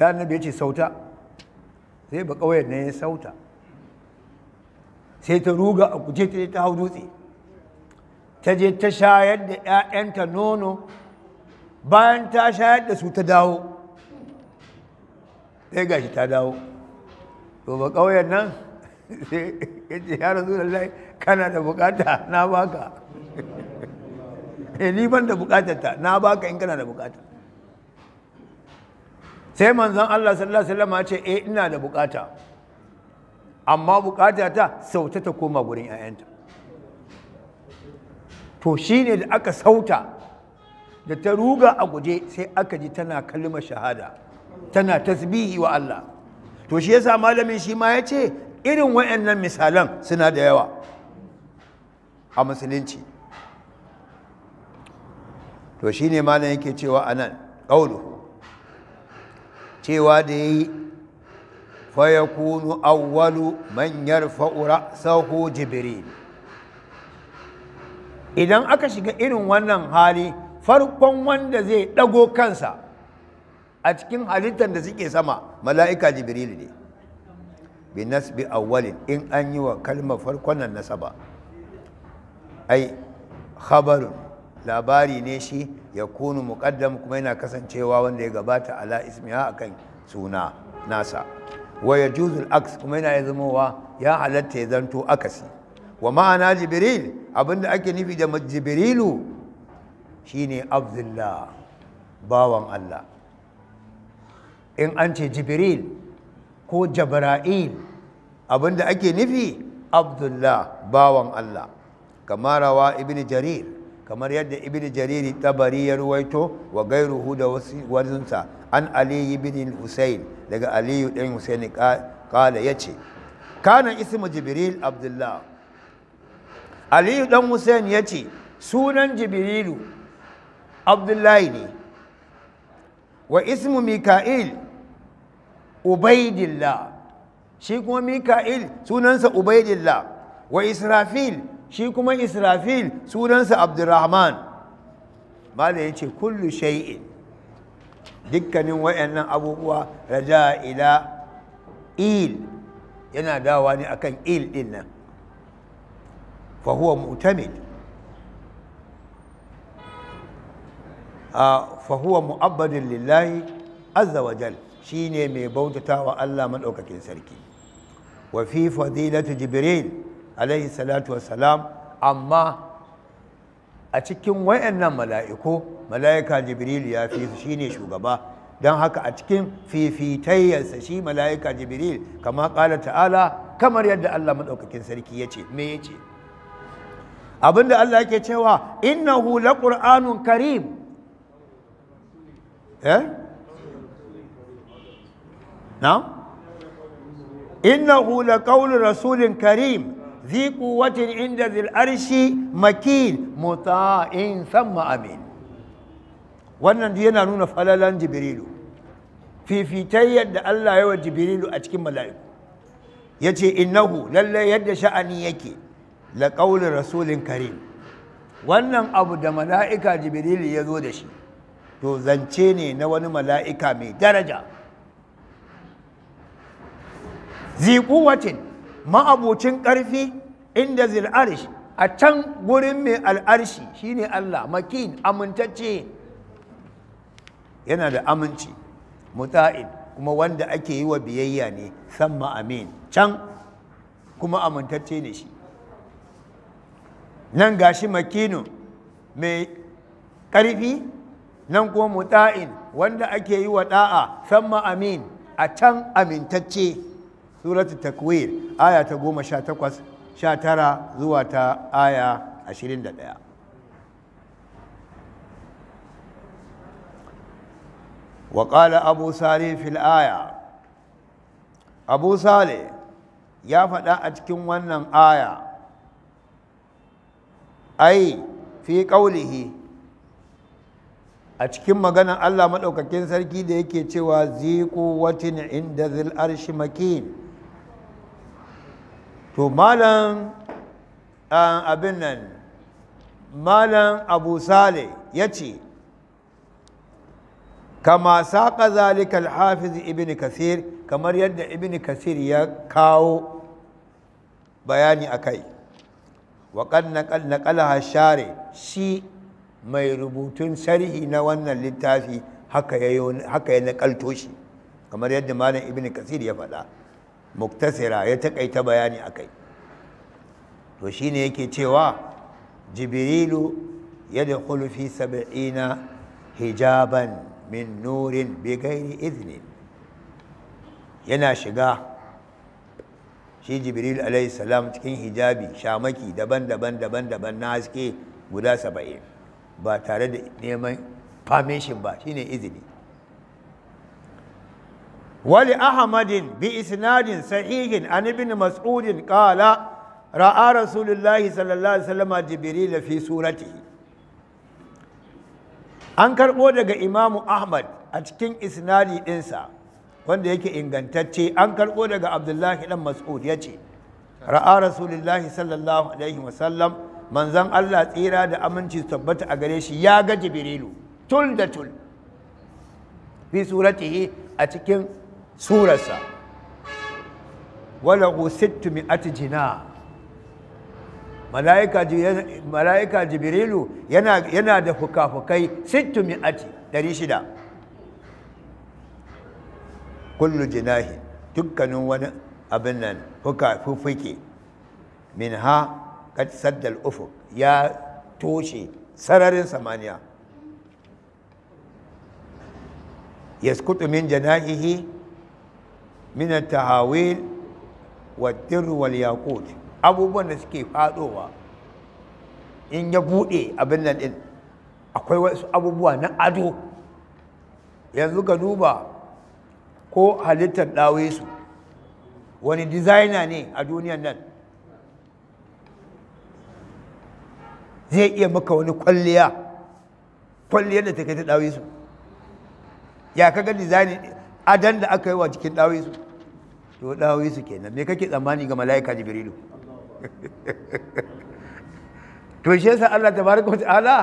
ya annabi ya ce sauta sai ba kawai na ya sauta sai ta ruga a kuje ta ta hau dutse ta je ta shayar da 'ya'yanta nono bayan ta shayar da su ta dawo sai gashi ta dawo to ba ƙauyen nan [laughs] sai ya ce ya razu lallai kana da bukata na baka [laughs] eh, ni ban da bukatarta na baka in kana da bukata sai manzon Allah sallallahu alaihi wasallam ya ce eh ina da bukata amma bukata ta sauta ta koma gurin 'ya'yanta to shine da aka sauta da ta ruga a guje sai aka ji tana kalmar shahada tana tasbihi wa Allah to shi yasa malamin shi ma ya ce irin wayannan misalan suna da yawa a musulunci to shine malam yake cewa anan qaulu cewa da yayi فيكون أول من يرفع رأسه Jibril, idan aka shiga irin wannan hali farkon wanda zai ɗago kansa a cikin halittar da suke sama mala'ika jibril ne bi nasbi awwalin in an yi wa kalma farkon nan nasaba ai khabarun labari ne shi ya kunu muƙaddam kuma yana kasancewa wanda ya gabata ala ismiya akan suna nasa Waya juzul aks kuma yana ya zamowa ya halatta ya zanto akasi wa ma'ana jibril da ake nufi da jibrilu shine abdullah bawan allah in an ce jibril ko jabra'il abinda ake nufi abdullah bawan allah kamarawa ibn jarir kamar yadda ibn jariri tabari ya ruwaito wa gairuhu da warinsa an aliyu ibn husayn daga aliyu ɗan husayn kala ya ce kana ismu jibril abdullah aliyu ɗan husayn ya ce sunan jibrilu abdullahi ne wa ismu mika'il ubaidillah shi kuma mika'il sunansa ubaidillah wa israfil shi kuma israfil sunansa abdurrahman malam ya ce kullu shay'in dukkanin wayannan abubuwa raja ila il yana dawa ne akan il din nan fa huwa mu'tamid fa huwa mu'abbadin lillahi azza wa jal shine mai bautatawa Allah madaukakin sarki wa fi fadilatu jibril alaihi salatu wassalam amma a cikin wayannan mala'iku mala'ika jibril ya fi shi ne shugaba don haka a cikin fifitayyarsa shi mala'ika jibril kama ƙala ta'ala kamar yadda Allah maɗaukakin sarki ya ce me ya ce abinda Allah yake cewa innahu la qur'anun karim eh na innahu la qawlu rasulin karim ذي قوة عند ذي الأرش مكين مطاع ثم أمين wannan duk yana nuna falalan jibrilu fifitai yadda Allah ya wa jibrilu a cikin mala'iku yace innahu lallai yadda sha'ani yake la qaulir rasulin karim wannan abu da mala'ika jibrilu ya zo da shi to zance ne na wani mala'ika mai daraja zi ma'abocin ƙarfi inda zil arish a can gurin mai al'arshi shine Allah makin amintacce yana da aminci muta'in kuma wanda ake yi wa biyayya ne san ma'amin can kuma amintacce ne shi nan gashi makinu mai ƙarfi nan kuma muta'in wanda ake yi wa da'a san ma'amin a can amintacce suratu takwir aya ta goma sha takwas sha tara zuwa ta aya ashirin da ɗaya wa abu sare fil aya abu sare ya faɗa a cikin wannan aya ai fi ƙaulihi a cikin magana Allah maɗaukakin sarki da yake cewa ziku wata ni'in da makin to malam abin nan malam abu sale ya ce kama saƙa zalikal hafiz ibn kasir kamar yadda ibn kasir ya kawo bayani a kai waƙan naƙalaha share shi mai rubutun sharhi na wannan littafi haka ya nakalto shi kamar yadda malam ibn kasir ya faɗa muktasira ya takaita bayani a kai. to shi shine yake cewa jibrilu da fi saba'ina hijaban min nurin ni izini. yana shiga shi jibril alaihi salam cikin hijabi shamaki daban-daban daban-daban na haske guda saba'in ba tare da neman famishin ba shine izini wali ahmadin bi isnadin sahihin an ibn mas'udin qala ra'a rasulullahi sallallahu alaihi wasallam jibril fi suratihi an karɓo daga imamu ahmad a cikin isnadi ɗinsa wanda yake ingantacce an karɓo daga abdullahi ɗan mas'ud ya ce ra'a rasulullahi sallallahu alaihi wasallam manzan allah tsira da aminci tabbata a gare shi ya ga jibrilu tul da tul fi suratihi a cikin surarsa walahu sittu mi'ati jina mala'ika jibrilu yana da fuka-fukai sittu mi'ati ɗari shida kullu jinahi dukkanin wani abin nan fuka-fuke min ha saddal ufuk ya toshe sararin samaniya yaskutu min janahihi min at-tahawil wat-tir wal-yaqut abubuwan da suke fadowa in ya buɗe abin nan din akwai wasu abubuwa na ado yanzu ka duba ko halittar dawesu wani designer ne a duniya nan zai iya maka wani kwalliya kwalliyar da ta kai ta dawesu ya kaga design adan da aka yi wa cikin ɗawisu, to ɗawisu kenan me kake tsammani ga mala'ika jibrilu [laughs] to shi yasa Allah tabaraka ta'ala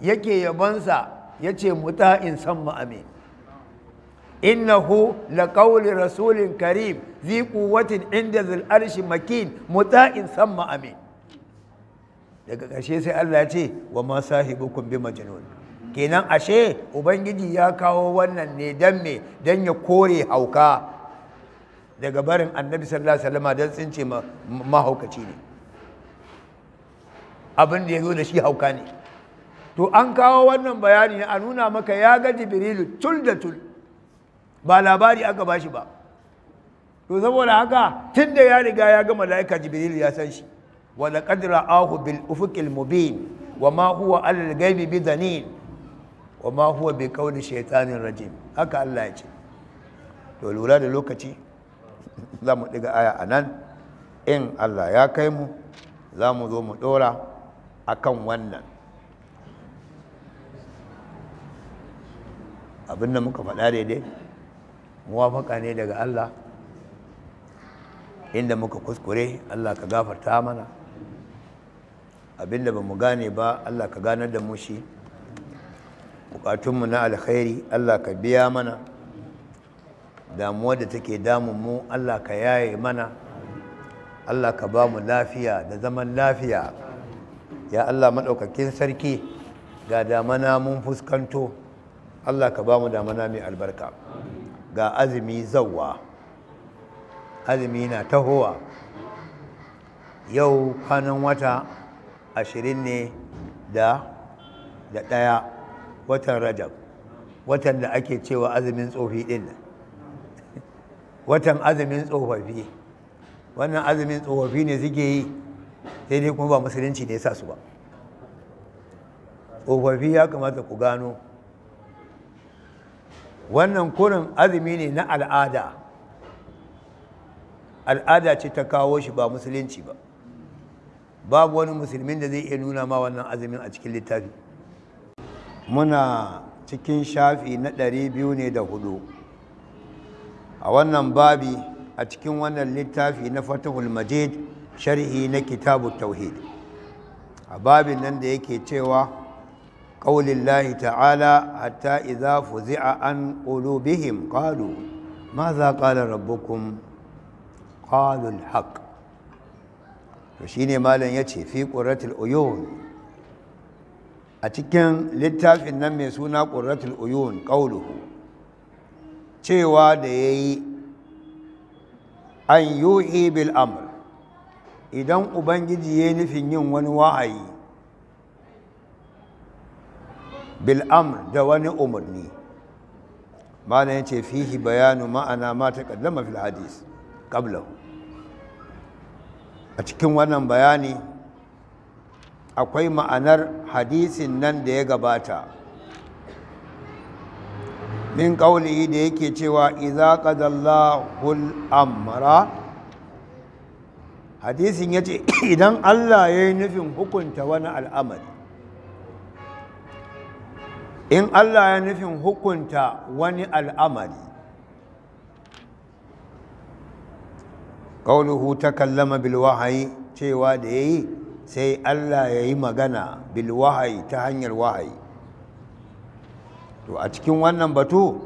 yake yabonsa yace muta'in samma amin innahu laqawli rasulin karim zi quwwatin inda zil arshi makin muta'in samma amin daga ƙarshe sai Allah ya ce wa ma sahibukum bi majnun kenan ashe ubangiji ya kawo wannan ne dan me don ya kore hauka daga barin annabi sallallahu alaihi wasallam don tsince mahaukaci ne abin da ya zo da shi hauka ne to an kawo wannan bayani a nuna maka ya ga jibrilu tul da tul ba labari aka ba shi ba to saboda haka tun da ya riga ya ga mala'ika jibrilu ya san shi wa laqad ra'ahu bil ufuqil mubin wa ma huwa alal ghaibi bidanin wa ma huwa bi kauni shaitanin rajim haka Allah ya ce to lura da lokaci [laughs] za mu ɗiga aya a nan in Allah ya kai mu za mu zo mu ɗora a kan wannan abin da muka faɗa daidai muwafaka ne daga Allah inda muka kuskure Allah ka gafarta mana abinda ba mu gane ba Allah ka ganar da mu shi bukatunmu na alkhairi Allah ka biya mana damuwa da take damunmu Allah ka yaye mana Allah ka ba mu lafiya da zaman lafiya ya Allah maɗaukakin sarki ga damana mun fuskanto Allah ka ba mu damana mai albarka ga azumi zauwa azumi na tahowa yau kwanan wata ashirin ne da ɗaya watan rajab watan da ake cewa azumin tsofi din nan watan azumin tsofaffi wannan azumin tsofaffi ne suke yi sai dai kuma ba musulunci ne sa su ba tsofaffi ya kamata ku gano wannan kurin azumi ne na al'ada al'ada ce ta kawo shi ba musulunci ba babu wani musulmin da zai iya nuna ma wannan azumin a cikin littafi muna cikin shafi na ɗari biyu ne da hudu a wannan babi a cikin wannan littafi na fatahul majid sharhi na kitabu tauhid a babin nan da yake cewa ƙaulillahi ta'ala hatta idza fuzi'a an qulubihim qalu maza qala rabbukum qalu al-haq to shine malam ce, fi ƙuratul uyun a cikin littafin nan mai suna ƙurratul uyun ƙauluhu cewa da ya yi an yuhi bil idan ubangiji ya nufin yin wani wa'ayi bil amr da wani umarni mana ya ce fihi bayanu ma'ana ma ta kaddama fil hadis a cikin wannan bayani akwai ma'anar hadisin nan da ya gabata min ƙauli da yake cewa iza qadallahu amra hadisin ya ce [clears throat] idan Allah ya yi nufin hukunta wani al'amari in Allah ya nufin hukunta wani al'amari ƙauluhu ta kallama bilwahayi cewa da ya yi sai Allah ya yi magana bil wahayi ta hanyar wahayi to a cikin wannan batu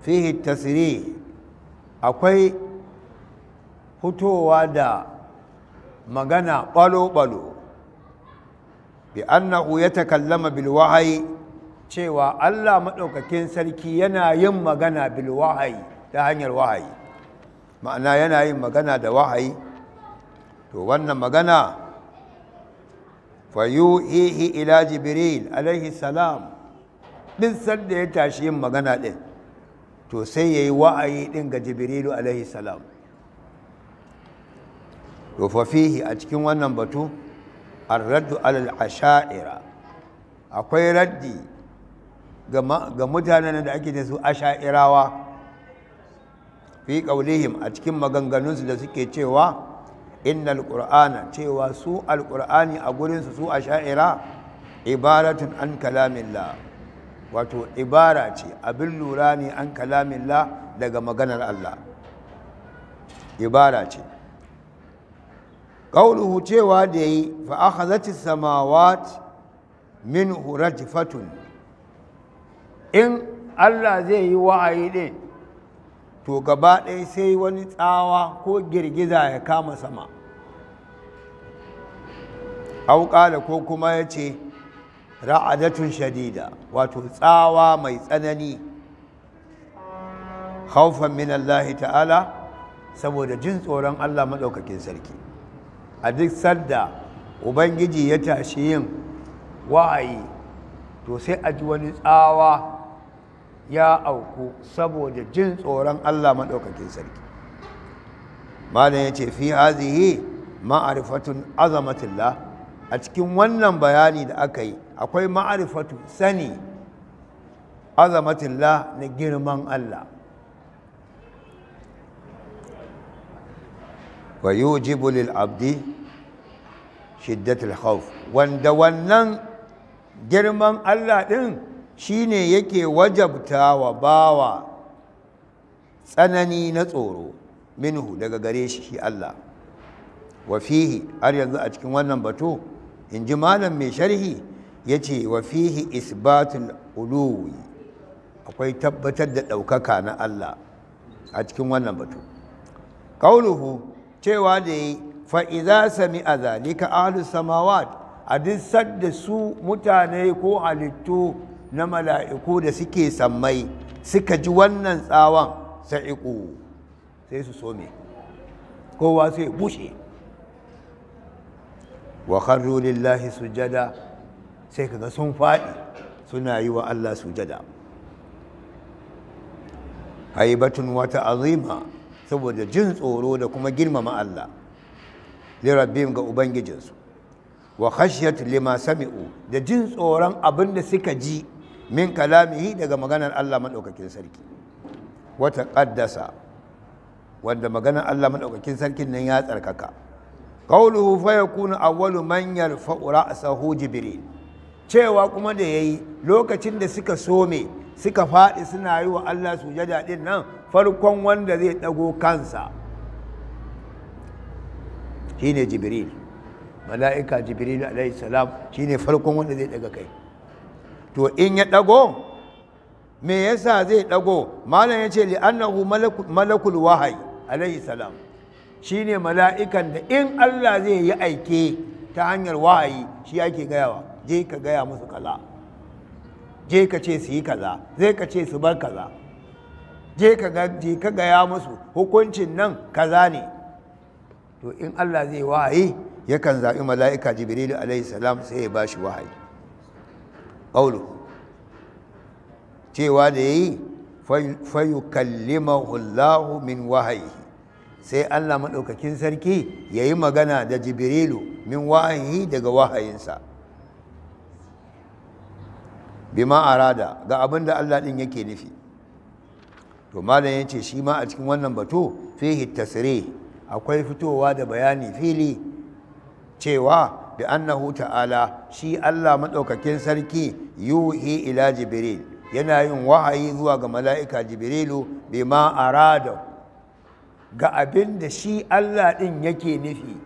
fihi tasiri akwai fitowa da magana balo balo. bi annahu ya takallama bil wahayi cewa Allah maɗaukakin sarki yana yin magana bil wahayi ta hanyar wahayi ma'ana yana yin magana da wahayi to wannan magana fayuhihi ila jibril alaihi salam duk sanda ya tashi yin magana ɗin to sai ya wa'ayi ɗin ga jibrilu alaihi salam to fihi a cikin wannan batu ala alal asha'ira akwai raddi ga mutanen da ake da su asha'irawa fi ƙaulihim a cikin maganganunsu da suke cewa innal qur'ana cewa su alqur'ani a gurinsu su asha'ira ibaratun an kalamillah wato ibara ce abin lura ne an kalamillah daga maganar Allah ibara ce ƙauluhu cewa da yi fa akhazatis samawat min rajfatun in Allah zai yi wa'ayi din to gaba ɗaya sai wani tsawa ko girgiza ya kama sama auƙala ko kuma ya ce ra'adatun shadida wato tsawa mai tsanani haufan min Allah ta'ala saboda jin tsoron Allah maɗaukakin sarki a duk sadda ubangiji ya tashi yin wa'ayi to sai a ji wani tsawa ya auku saboda jin tsoron Allah maɗaukakin sarki malam ya ce fi hazihi ma'arifatun azamatillah a cikin wannan bayani da aka yi akwai ma'arifatu sani azamatillah na girman Allah wa yujibu lil abdi shiddatul khawf wanda wannan girman Allah ɗin Shi ne yake wajabta wa bawa tsanani na tsoro minhu daga gare shi shi Allah wa fihi har yanzu a cikin wannan bato, in ji malam mai sharhi ya ce wa fihi isbatul uluwi akwai tabbatar da ɗaukaka na Allah a cikin wannan bato ƙauluhu cewa da yi fa'iza sami a zalika ahalus samawat a duk sadda su mutane ko halittu na mala'iku da suke sammai suka ji wannan tsawon sa'iku sai su some kowa sai bushe wa kharru lillahi sujada sai kaga sun faɗi suna yi wa Allah sujada haibatun wata azima saboda jin tsoro da kuma girmama Allah lirabbim ga ubangijinsu wa khashyat lima sami'u da jin tsoron abin da suka ji min kalamihi daga maganar Allah maɗaukakin sarki wata ƙaddasa wanda maganar Allah maɗaukakin sarkin nan ya tsarkaka qawluhu fa kuna awwalu fa'ura a sahu jibril cewa kuma da yayi lokacin da suka some suka faɗi suna yi wa Allah sujada daɗin nan farkon wanda zai ɗago kansa shine jibril mala'ika jibril alayhi salam shine farkon wanda zai ɗaga kai to in ya ɗago me yasa zai ɗago malam ya ce li'annahu malakul wahayi alaihi salam Shi ne mala'ikan da in Allah zai yi aike ta hanyar wahayi shi ake gayawa je ka gaya musu kaza je ka ce su yi kaza zai ka ce su bar kaza je ka gaya musu hukuncin nan kaza ne to in Allah zai wahayi yakan zaɓi mala'ika jibrilu alaihi salam sai ya ba shi wahayi ƙaulu cewa da ya yi fayukallimahu Allahu min wahayi sai Allah maɗaukakin sarki ya yi magana da jibirilu min wahayi daga wahayinsa bima arada ga abin da Allah ɗin yake nufi to malam ya ce shi ma a cikin wannan batu fi hittasire akwai fitowa da bayani fili cewa bi annahu ta'ala shi Allah madaukakin sarki yuhi ila jibril yana yin wahayi zuwa ga mala'ika jibrilu bima arada ga abin da shi Allah din yake nufi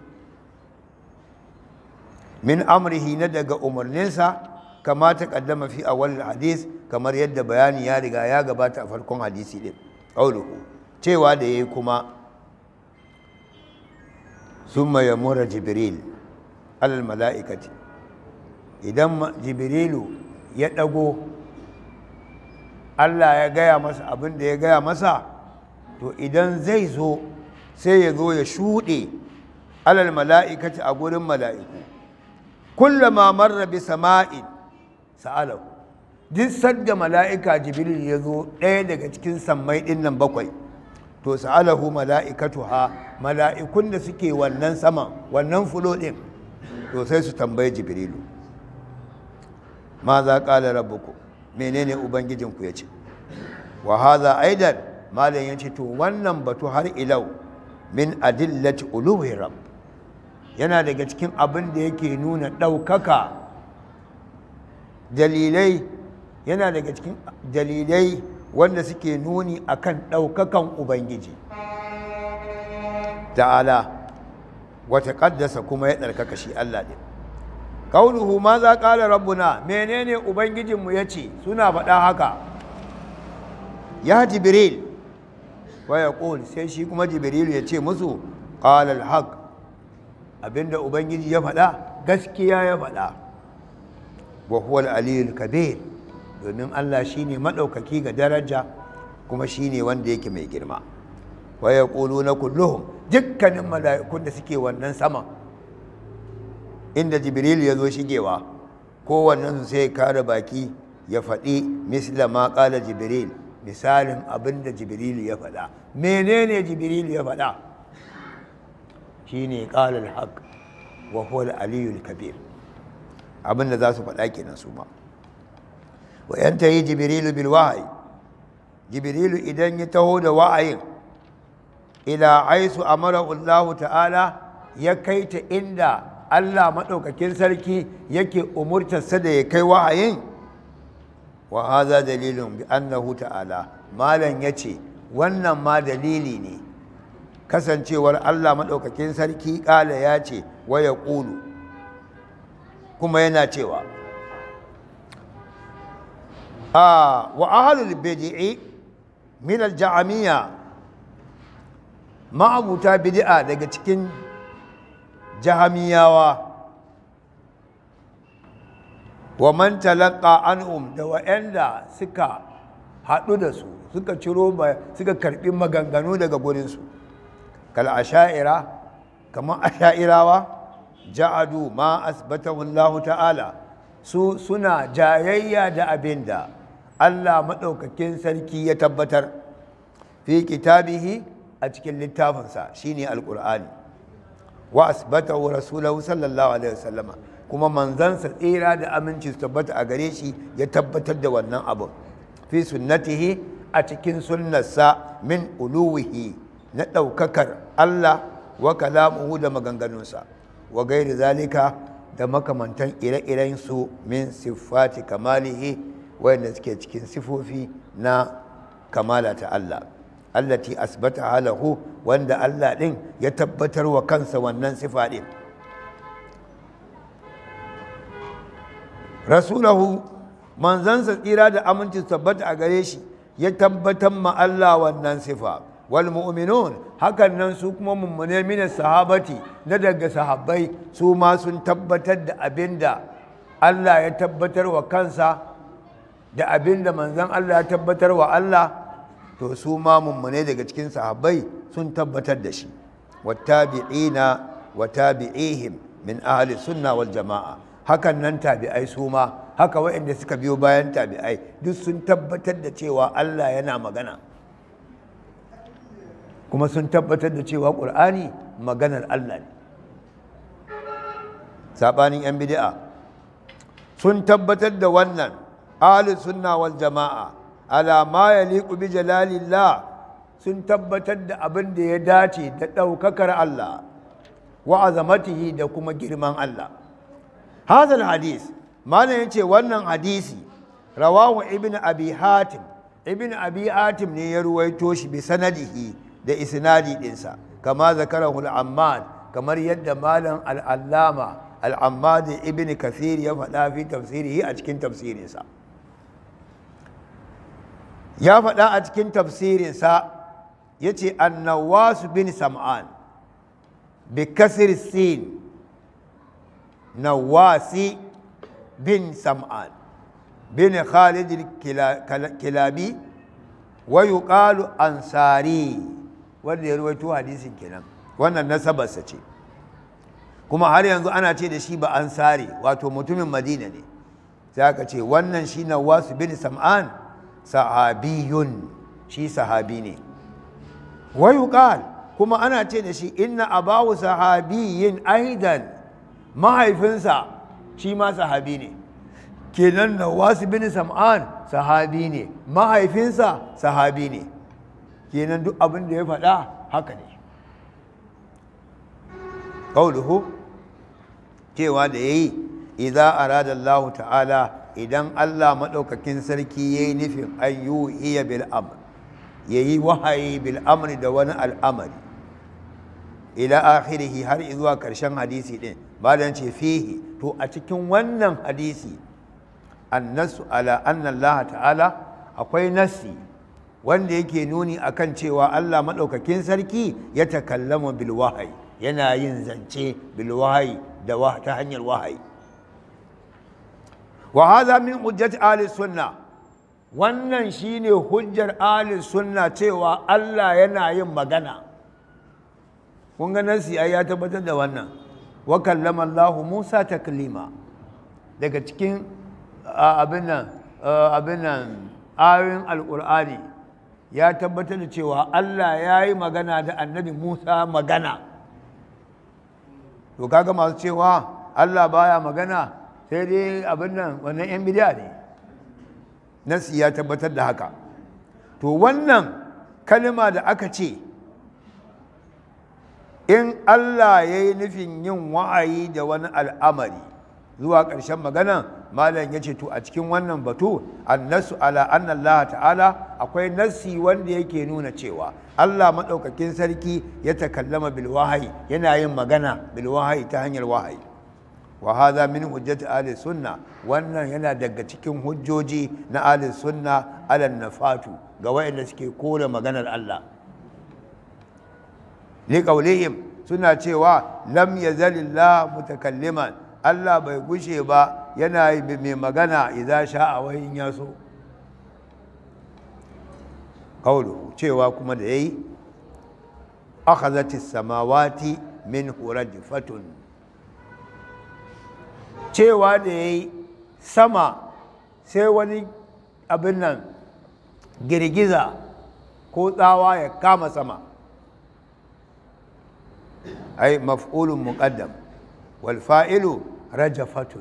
min amrihi na daga umarninsa kama ta kaddama fi awal hadis kamar yadda bayani ya riga ya gabata a farkon hadisi din qauluhu cewa da yayi kuma summa yamura jibril alal mala'ikati idan jibrilu ya ɗago allah ya gaya masa abin da ya gaya masa to idan zai zo sai ya zo ya shuɗe alal a gurin mala'iku ma marra bi sama'in sa'alahu duk sadda mala'ika jibril ya zo ɗaya daga cikin sammai ɗin nan bakwai to sa'alahu mala'ikatu ha mala'ikun da suke wannan sama wannan fulo ɗin to sai su tambayi jibrilu ma za ƙala rabbuku menene ubangijinku ya ce wa haza aidan malam ya ce to wannan batu har ilau min adillati uluhi rab yana daga cikin abin da yake nuna ɗaukaka dalilai yana daga cikin dalilai wanda suke nuni akan ɗaukakan ubangiji ta'ala Wataƙaddasa kuma ya ɗarkaka shi Allah ɗin kauluhu ma za ƙara rabbuna menene ubangijinmu ya ce suna faɗa haka ya jibril wa ya sai shi kuma jibril ya ce musu ƙalal haƙ. abinda ubangiji ya faɗa gaskiya ya faɗa wa huwa aliyul kabir domin Allah shine maɗaukaki ga daraja kuma shine wanda yake mai girma wa na kulluhum dukkanin mala'ikun da suke wannan sama inda jibril ya zo shigewa kowannen su sai kare baki ya faɗi misla ma ƙala jibril misalin abin da jibril ya faɗa menene jibril ya faɗa shine ƙala al wa huwa aliyul kabir abin da za su faɗa kenan su ma wa yanta yi jibrilu bil wahayi jibrilu idan ya taho da wa'ayin ila aisu amara Allah ta'ala ya kai ta inda Allah maɗaukakin sarki yake umurtarsa da ya kai wahayin wa haza dalilun bi annahu ta'ala malam yace wannan ma dalili ne kasancewar Allah maɗaukakin sarki ƙala ya ce wa ya ƙulu kuma yana cewa ah, wa ahalul bidi'i min al-ja'amiyya ma'abuta bid'a daga cikin jahamiyawa wa man talaqa an'um da wa'anda suka haɗu da su suka ciro suka karɓi maganganu daga gurinsu kal asha'ira kamar asha'irawa ja'adu ma asbatahu Allah ta'ala su suna jayayya da abinda Allah madaukakin sarki ya tabbatar fi kitabihi a cikin littafinsa shine alqur'ani wa asbatahu rasulahu sallallahu alaihi wasallama kuma manzansa tsira da aminci su tabbata a gare shi ya tabbatar da wannan abin fi sunnatihi a cikin sunnarsa min uluwihi na ɗaukakar Allah wa kalamuhu da maganganunsa wa gairi zalika da makamantan ire-iren su min siffati kamalihi wayanda suke cikin sifofi na kamala ta Allah allati asbata halahu wanda Allah din ya tabbatar wa kansa wannan sifa din rasulahu manzansa tsira da aminci tabbata a gare shi ya tabbatar ma Allah wannan sifa wal mu'minun hakan nan su kuma mummune minas sahabati na daga sahabai su ma sun tabbatar da abinda Allah ya tabbatar wa kansa da abinda manzan Allah ya tabbatar wa Allah to su ma mummune daga cikin sahabbai sun tabbatar da shi wattabi'ina wa tabi'ihim min ahli sunna wal jama'a hakan nan tabi'ai su ma haka waɗanda suka biyo bayan tabi'ai duk sun tabbatar da cewa Allah yana magana kuma sun tabbatar da cewa Al-Qur'ani maganar Allah ne Sabanin 'yan bidi'a sun tabbatar da wannan ahli sunna wal jama'a Alama ya yaliqu bi jalalillah sun tabbatar da abin da ya dace da ɗaukakar Allah wa azamatihi da kuma girman Allah hadal hadis malam yace wannan hadisi rawahu ibn abi hatim ibn abi hatim ne ya ruwaito shi bi sanadihi da isnadi ɗinsa kama zakarahu al kamar yadda malam al-allama al-ammad ibn kathir ya faɗa fi tafsirihi a cikin tafsirinsa ya faɗa a cikin tafsirinsa ya ce annawasu bin sam'an bi kasir sin nawasi bin sam'an bin khalid kilabi wa yuqalu ansari wanda ya ruwaito hadisin kenan wannan nasabarsa ce kuma har yanzu ana ce da shi ba ansari wato mutumin madina ne sai aka ce wannan shi nawasu bin sam'an sahabiyun shi sahabi ne Wai wuƙa kuma ana ce da shi inna bawu sahabiyin aidan mahaifinsa shi ma sahabi ne kenan Nawas bin Sam'an sahabi ne mahaifinsa sahabi ne kenan duk abin da ya faɗa haka ne qauluhu cewa da yayi idza arada Allah ta'ala idan Allah maɗaukakin sarki ya yi nufin an yi iya bil'amr ya yi wahayi bil'amr da wani al'amari ila akhirihi har zuwa ƙarshen hadisi ɗin ba da ce fihi to a cikin wannan hadisi annasu ala laha ta'ala akwai nasi wanda yake nuni akan cewa Allah maɗaukakin sarki ya takallama bil wahayi yana yin zance bil wahayi da ta hanyar wahayi Wahazamin hadha Ali hujjat sunna wannan shine hujjar ahli sunna cewa Allah yana yin magana kun ga nasi ai ya tabbatar da wannan wa kallama Allah Musa taklima daga cikin abin nan abin nan ayoyin alqur'ani ya tabbatar da cewa Allah ya yi magana da annabi Musa magana to kaga masu cewa Allah baya magana sai dai abin nan wannan 'yan bidiya ne nasi ya tabbatar da haka to wannan kalima da aka ce in Allah ya yi nufin yin wa'ayi da wani al'amari zuwa ƙarshen magana malam ya ce to a cikin wannan batu annasu ala annallaha ta'ala akwai nasi wanda yake nuna cewa Allah maɗaukakin sarki ya takallama bil yana yin magana bil wahayi ta hanyar wahayi wa hadha min hujjati ahli sunna wannan yana daga cikin hujjoji na ahli sunna ala nafatu ga wayanda suke kore maganar Allah li qaulihim suna cewa lam yazalillah mutakalliman Allah bai bushe ba yana mai magana idza sha'a wa in yaso qawlu cewa kuma da yayi akhadhatis samawati min hurajfatun cewa da ya yi sama sai wani abin nan girgiza ko tsawa ya kama sama ai maf'ulun muqaddam wal fa'ilu rajafatun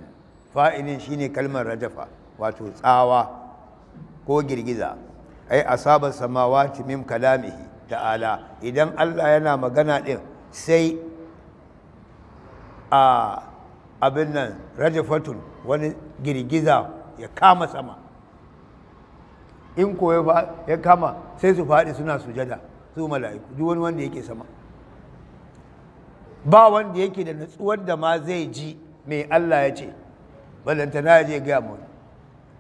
fa'ilin shine kalmar rajafa wato tsawa ko girgiza ai asaba samawati min kalamihi ta'ala idan Allah yana magana din sai a abin nan rajafatun wani girgiza ya kama sama in koyo ba ya kama sai su faɗi suna sujada su mala'iku duk wani wanda yake sama ba wanda yake da nutsuwar da ma zai ji mai Allah ya ce balantana ya je gaya mu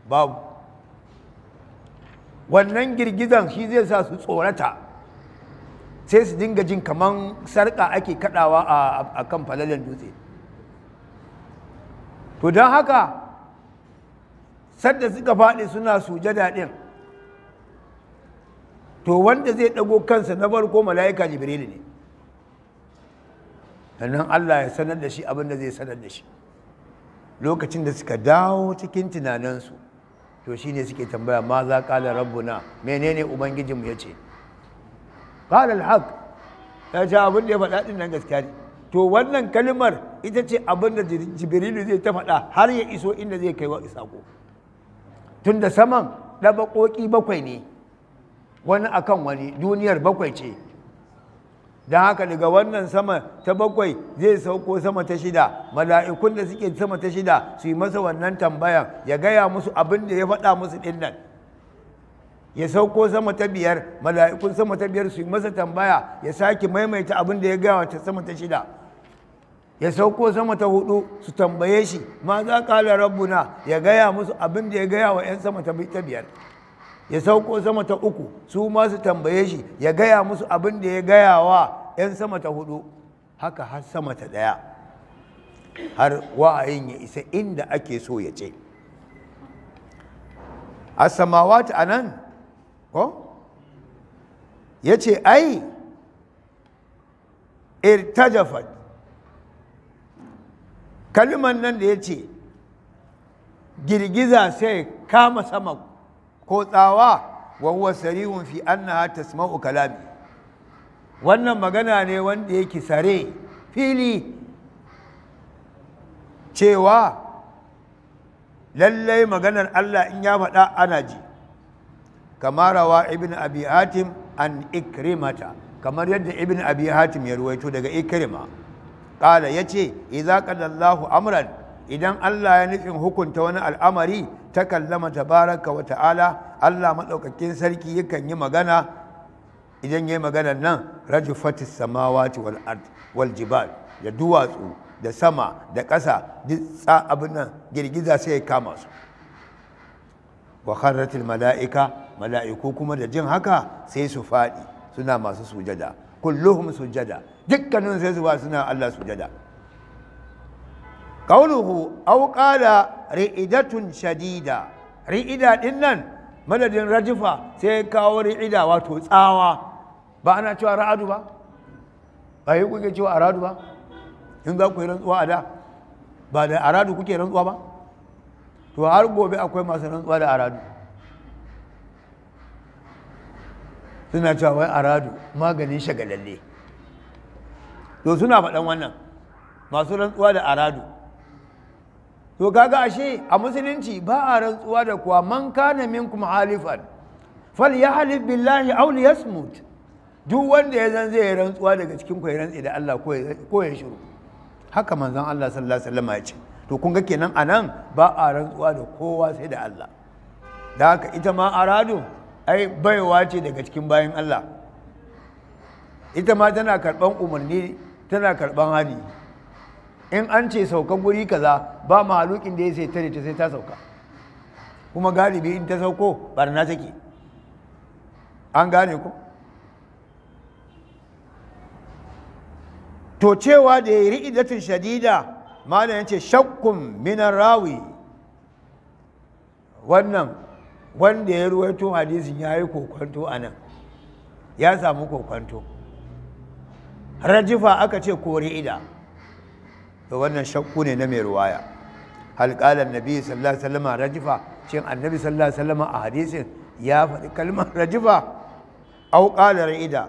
babu wannan girgizan shi zai sa su tsorata sai su dinga jin kaman sarƙa ake kaɗawa a kan falalen dutse to don haka sadda suka faɗi suna sujada ɗin to wanda zai ɗago kansa na farko mala'ika jibrilu ne sannan allah ya sanar da shi abin da zai sanar da shi lokacin da suka dawo cikin tunaninsu to shi ne suke tambaya ma za ƙala rabbuna menene ubangijinmu ya ce ƙalal haƙ ya ce abin da ya faɗa ɗin nan gaskiya ne to wannan kalmar ita ce abin da jibrilu zai ta faɗa har ya iso inda zai kai wa isako tun da saman ɗabaƙoƙi bakwai ne wani akan wani duniyar bakwai ce don haka daga wannan sama ta bakwai zai sauko sama ta shida mala'ikun da suke sama ta shida su yi masa wannan tambayan ya gaya musu abin da ya faɗa musu ɗin ya sauko sama ta biyar mala'ikun sama ta biyar su yi masa tambaya ya sake maimaita abin da ya gaya ta sama ta shida ya sauko sama ta hudu su tambaye shi ma za kala rabbuna ya gaya musu abin da ya gaya wa 'yan sama ta biyar ya sauko sama ta uku su ma su tambaye shi ya gaya musu abin da ya gaya wa 'yan sama ta hudu haka har sama ta daya har wa'ayin ya isa inda ake so ya ce as a anan ko Ya ce ai irtajafat kalman nan da ya ce girgiza sai kama sama ko tsawa wawwa huwa sarihun fi annaha tasma'u kalami wannan magana ne wanda yake sare fili cewa lallai maganar Allah in ya faɗa ana ji kamar rawa ibn abi hatim an ikrimata kamar yadda ibn abi hatim ya ruwaito daga ikrima ƙala ya ce idza qadallahu amran idan Allah ya nufin hukunta wani al'amari ta kallama tabaraka wa ta'ala Allah maɗaukakin sarki yakan yi magana idan ya yi maganar nan rajufatis samawati wal ard wal jibal da duwatsu da sama da ƙasa duk tsa abin nan girgiza sai ya kama su wa kharratil mala'ika mala'iku kuma da jin haka sai su faɗi suna masu sujada kulluhum sujada dukkanin sai zuwa suna Allah sujada qauluhu aw qala ri'idatun shadida ri'ida din nan madadin rajifa sai kawo ri'ida wato tsawa ba ana cewa ra'adu ba ba yi kuke cewa aradu ba in za ku yi rantsuwa a da ba da aradu kuke rantsuwa ba to har gobe akwai masu rantsuwa da aradu suna cewa wai aradu maganin shagalalle to suna faɗan wannan masu rantsuwa da aradu to kaga ashe a musulunci ba a rantsuwa da kuwa man kana minkum halifan fal ya halif billahi aw liyasmut duk wanda ya zan zai rantsuwa daga cikin ku ya rantsi da Allah ko ya shiru haka manzon Allah sallallahu alaihi wasallam ya ce to kun ga kenan anan ba a rantsuwa da kowa sai da Allah da haka ita ma aradu ai baiwa ce daga cikin bayan Allah ita ma tana karɓan umarni tana karɓan hari in an ce sauka guri kaza ba halukin da ya sai tare ta sai ta sauka kuma galibi in ta sauko barna take an gane ku to cewa da ya ri'idatin shadida malam ce shakkun minan rawi wannan wanda ya ruwaito hadisin ya yi kokwanto a nan ya samu kokwanto rajifa aka ce kore ida da wannan shakku ne na mai ruwaya halƙalar nabi sallallahu alaihi rajifa cin annabi sallallahu alaihi a hadisin ya faɗi kalmar [laughs] rajifa au ƙalar ida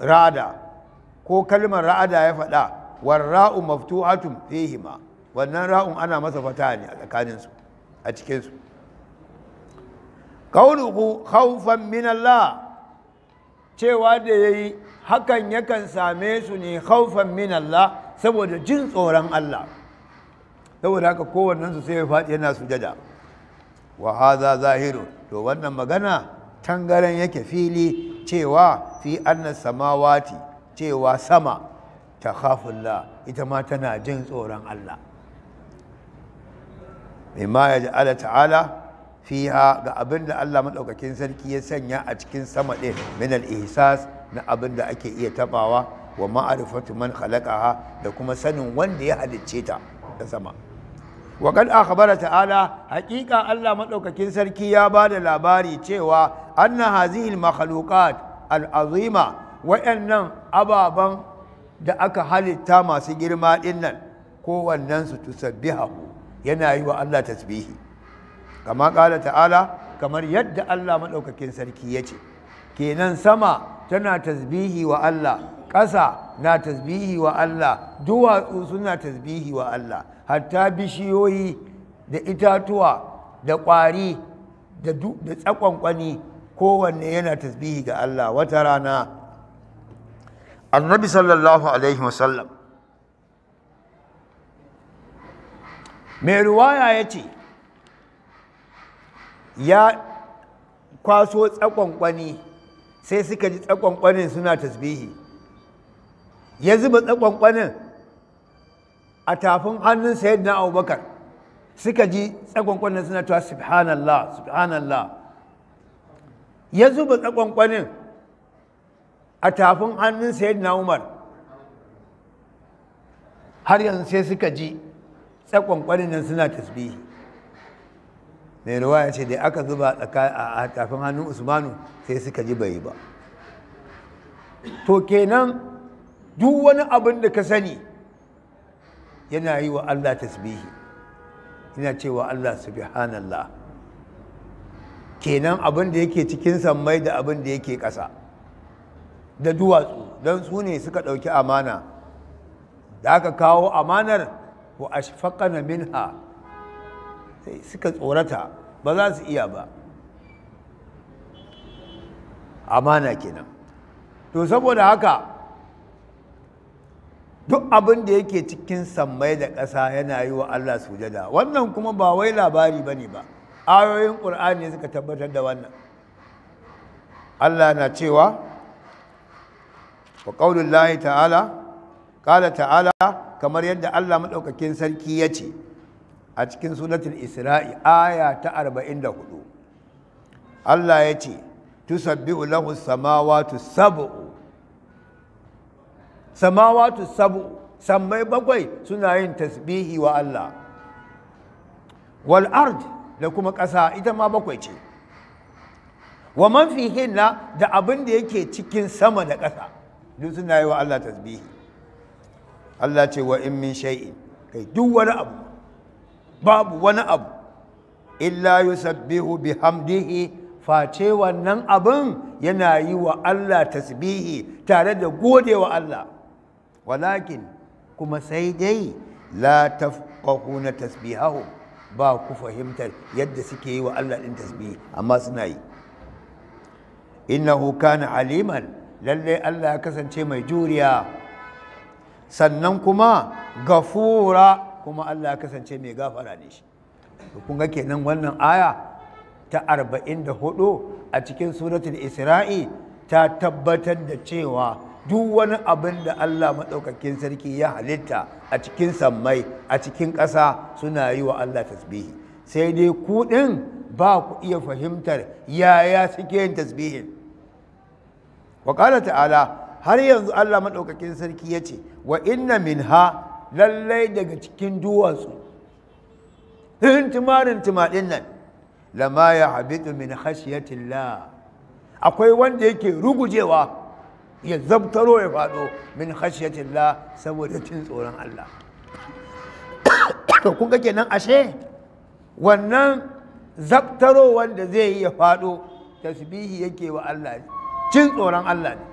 ra'ada ko kalmar ra'ada ya faɗa warra'u maftuhatun fihima wannan ra'un ana masa fata ne a tsakaninsu a cikinsu ƙaunuhu haufan minallah cewa da ya yi hakan yakan same su ne haufan minalla saboda jin tsoron Allah saboda haka kowannensu sai ya faɗi yana sujada wa haza zahiru to wannan magana tangaren yake fili cewa fi anna samawati cewa sama ta khafullah ita ma tana jin tsoron Allah bima ya ta'ala fiha ga abin da Allah maɗaukakin sarki ya sanya a cikin sama ɗin min al-ihsas na abin da ake iya tabawa wa ma'arifatu man khalaqaha da kuma sanin wanda ya halicce ta ta sama wa kad akhbara ta'ala haqiqa Allah maɗaukakin sarki ya ba da labari cewa anna hazihi al-makhluqat al-azima wa'annan ababan da aka halitta masu girma ɗin nan kowannen su yana yi wa Allah tasbihi kama ƙala ta'ala kamar yadda Allah maɗaukakin sarki ya ce kenan sama tana tasbihi wa Allah ƙasa na tasbihi wa Allah duwatsu suna tasbihi wa Allah hatta bishiyoyi da itatuwa da ƙwari da tsakonkwani kowanne yana tasbihi ga Allah wata rana annabi sallallahu alaihi wasallam mai ruwaya ya ce ya kwaso tsakonkwani sai suka ji tsakonkwanin suna tasbihi ya zuba tsakonkwanin a tafin hannun na abubakar suka ji tsakonkwanin suna tuwa subhanallah subhanallah ya zuba tsakonkwanin a tafin hannun na umar har yanzu sai suka ji tsakonkwanin suna tasbihi mai ruwa ya ce da aka zuba a tafin hannun usmanu sai suka ji bai ba to kenan duk wani abin da ka sani yana yi wa allah tasbihi yana cewa allah subhanallah kenan abin da yake cikin sammai da abin da yake ƙasa da duwatsu don su ne suka ɗauki amana da aka kawo amanar wa ashfaqana minha suka tsorata ba za su iya ba amana kenan to saboda haka duk abin da yake cikin sammai da ƙasa yana yi wa Allah sujada wannan kuma ba wai labari ba ne ba ayoyin ƙur'ani suka tabbatar da wannan Allah na cewa wa ƙaunin ta'ala ƙala ta'ala kamar yadda Allah maɗaukakin sarki ya ce a cikin sunatun isra'i aya ta 44 Allah ya ce tusabbihu lahu samawati sab'u samawati sab'u sammai bakwai suna yin tasbihi wa Allah wal’ard da kuma ƙasa ita ma bakwai ce wa man fihinna da abin da yake cikin sama da ƙasa duk suna yi wa Allah tasbihi Allah ce wa in min shay'in kai duk wani abu babu wani abu illa yusabbihu bihamdihi face wannan abin yana yi wa Allah tasbihi tare da gode wa Allah walakin kuma sai dai la na tasbihahu ba ku fahimtar yadda suke yi wa Allah din tasbihi amma suna yi innahu kana aliman lalle Allah ya kasance mai juriya sannan kuma gafura kuma Allah kasance mai gafara ne shi kun ga kenan wannan aya ta arba'in da 44 a cikin suratul isra'i ta tabbatar da cewa duk wani abin da Allah maɗaukakin sarki ya halitta a cikin sammai a cikin ƙasa suna yi wa Allah tasbihi sai dai kuɗin ba ku iya fahimtar yaya suke yin tasbihin wa ta'ala har yanzu Allah maɗaukakin sarki ya ce wa inna min ha lallai daga cikin duwatsu tuntumarin tumaɗin nan lama ya habitu min khashiyatillah akwai wanda yake rugujewa ya zabtaro ya faɗo min khashiyatillah saboda cin tsoron Allah kun kake kenan ashe wannan zabtaro wanda zai yi ya faɗo tasbihi yake wa Allah cin tsoron Allah ne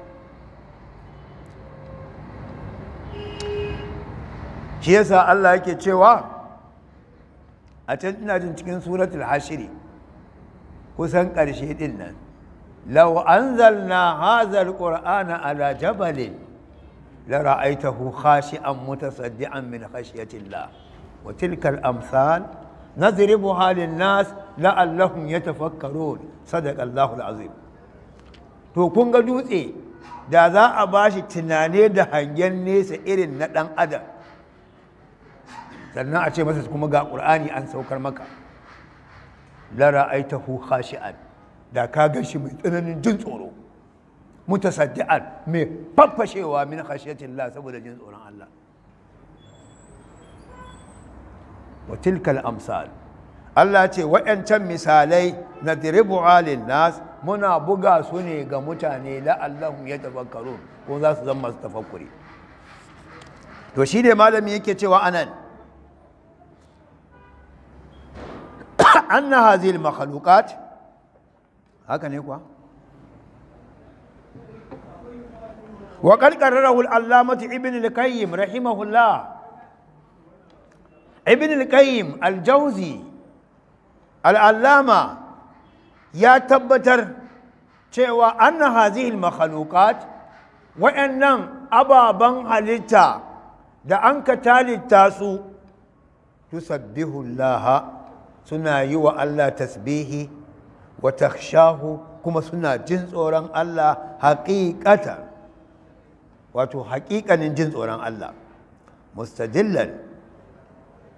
shi yasa Allah yake cewa a can ina jin cikin suratul hashiri kusan ƙarshe din nan law anzalna hadha alqur'ana ala jabalin la ra'aytahu khashi'an mutasaddian min khashyati Allah wa tilka al-amsal nadribuha lin-nas la'allahum yatafakkarun sadaqa Allahu al-azim to kun ga dutse da za a bashi tunane da hangen nesa irin na dan adam sannan a ce masa kuma ga ƙur'ani an saukar maka lara aitahu khashi'an da ka gashi shi mai tsananin jin tsoro mutasaddi'an mai faffashewa min khashiyatin Allah saboda jin tsoron Allah wa tilkal amsal Allah ce waɗancan misalai na diribu nas muna buga su ne ga mutane la'allahu ya tafakkaru ko za su zama su tafakkuri to shi ne malami yake cewa anan anna hazil makhluqat haka ne kuwa wa al-allamatu ibn al-qayyim rahimahullah ibn al-qayyim al jauzi al ya tabbatar cewa anna hazihi al-makhluqat wa'annan ababan halitta da an ka talitta su tusabbihullaha. suna yi wa Allah tasbihi wa takshahu kuma suna jin tsoron Allah haƙiƙata wato haƙiƙanin jin tsoron Allah mustajillan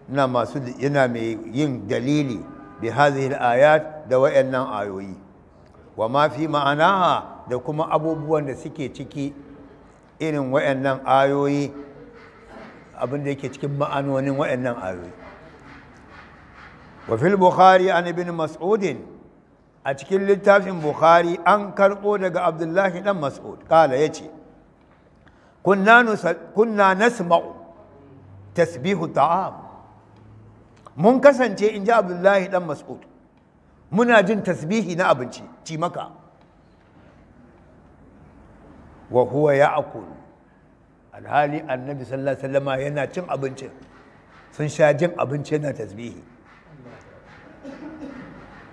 na masu yana mai yin dalili bi hazihil ayat da wayannan ayoyi wa ma fi ma'anaha da kuma abubuwan da suke ciki irin wayannan ayoyi abin da yake cikin ma'anonin wayannan ayoyi wa fil bukhari an ibn mas'ud a cikin littafin bukhari an karɓo daga abdullahi dan mas'ud kala yace kunna kunna nasma'u tasbihu ta'am mun kasance in ji abdullahi dan mas'ud muna jin tasbihi na abinci ci maka wa huwa ya'kul alhali annabi sallallahu yana cin abincin sun sha jin abinci yana tasbihi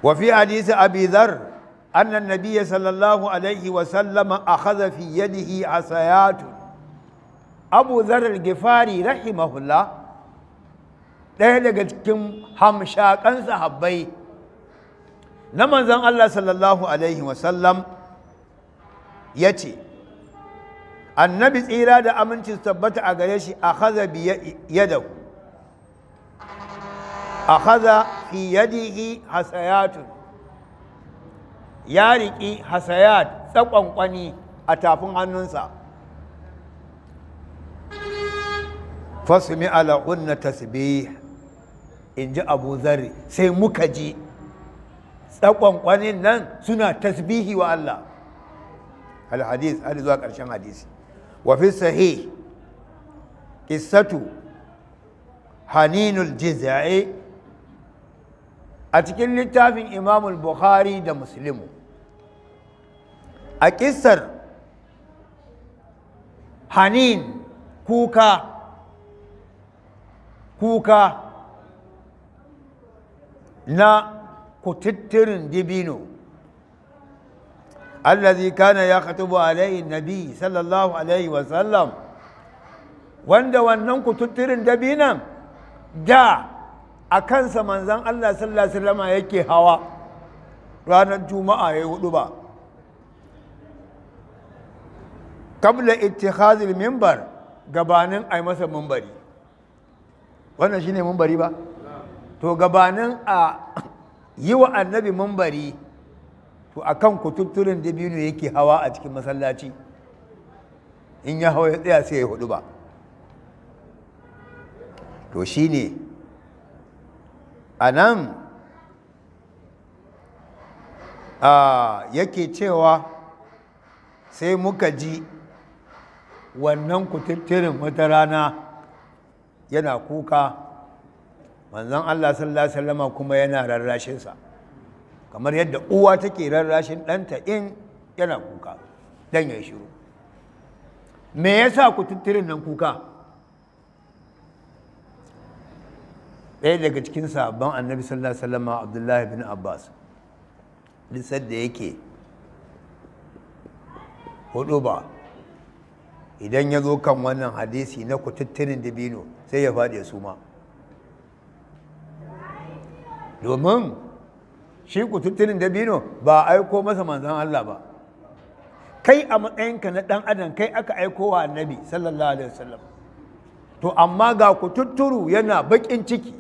وفي حديث أبي ذر أن النبي صلى الله عليه وسلم أخذ في يده عصايات أبو ذر الغفاري رحمه الله ɗaya daga cikin hamshakan sahabbai na manzon Allah sallallahu alaihi wasallam ya ce annabi tsira da aminci tabbata a gare shi a haza yadahu akhadha fi yadihi hasayatun ya riƙi hasayat tsakonkwani a tafin hannunsa fasumi ala unna tasbih in ji abu zarri sai muka ji tsakonkwanin nan suna tasbihi wa Allah alhadis har zuwa ƙarshen hadisi wa fi sahih qissatu a cikin littafin imamul bukhari da muslimu a ƙisar hanin kuka kuka na kututturin dibino allazi kana ya khatubu alaihi nabi sallallahu alaihi wasallam wanda wannan kututturin dabinan da a kansa manzan Allah sallallahu alaihi wasallam yake hawa ranar juma'a ya hudu ba kabla ittikhazil mimbar gabanin a masa mimbari wannan shine mimbari ba to gabanin a yi wa annabi mimbari to akan kututturin dabino yake hawa a cikin masallaci in ya hawa ya tsaya sai ya hudu ba to shine a nan yake cewa sai muka ji wannan kututturin wata rana yana kuka manzon Allah sallallahu Alaihi wasallama kuma yana rarrashinsa kamar yadda uwa take rarrashin ɗanta in yana kuka don ya shiru me yasa kututturin nan kuka ɗaya daga cikin sabon annabi sallallahu alaihi wasallam abdullahi bin abbas duk da yake hudu ba idan ya zo kan wannan hadisi na kututtunin dabino sai ya faɗi su ma domin shi kututtunin dabino ba aiko masa manzan Allah ba kai a matsayinka na ɗan adam kai aka aiko wa annabi sallallahu alaihi wasallam to amma ga kututturu yana baƙin ciki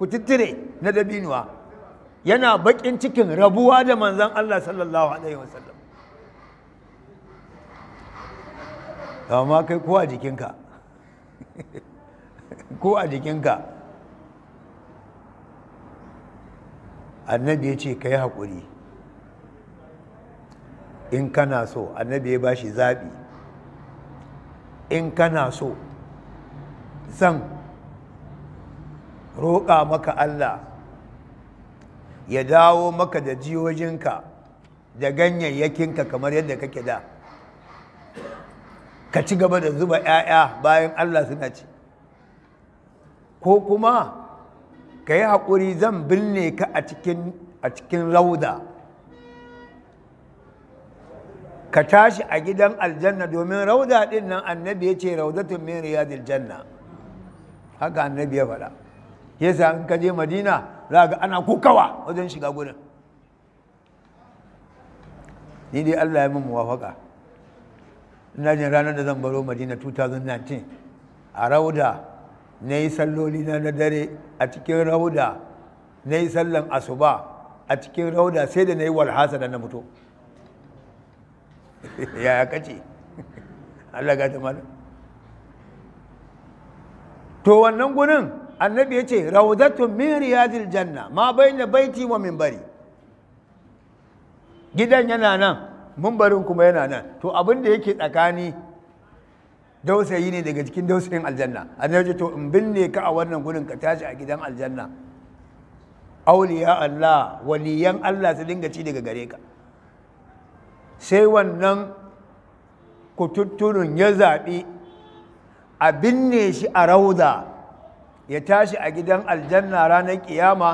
kututtire na dabinuwa yana bakin cikin rabuwa da manzan Allah sallallahu alaihi wasallam amma kai ko a jikinka [laughs] ko a jikinka annabi ya ce ka yi haƙuri in kana so annabi ya ba shi zaɓi in kana so zan roƙa maka Allah ya dawo maka da jiwojinka da ka kamar yadda kake da ka ci gaba da zuba 'ya'ya bayan Allah suna ci ko kuma ka yi haƙuri zan binne ka a cikin rauda ka tashi a gidan aljanna domin rauda ɗin nan annabi ya ce tun min riyadil janna haka annabi ya faɗa yasa in ka je madina za ga ana kukawa wajen shiga gudun. ni dai allah ya min muwafaka ina jin ranar da zan baro madina 2019 a rauda na yi salloli na na dare a cikin rauda na yi sallan asuba a cikin rauda sai da na yi walhasa da na [laughs] [laughs] ya yaya kace allah ga ta to wannan gudun. annabi ya ce raudatun min riyadil janna ma bayna baiti wa minbari gidan yana nan mumbarin kuma yana nan to abin da yake tsakani dausayi ne daga cikin dausayin aljanna annabi ce to in binne ka a wannan gurin ka tashi a gidan aljanna auliya Allah waliyan Allah su dinga ci daga gare ka sai wannan kututturun ya zaɓi a binne shi a rauda ya tashi a gidan aljanna ranar kiyama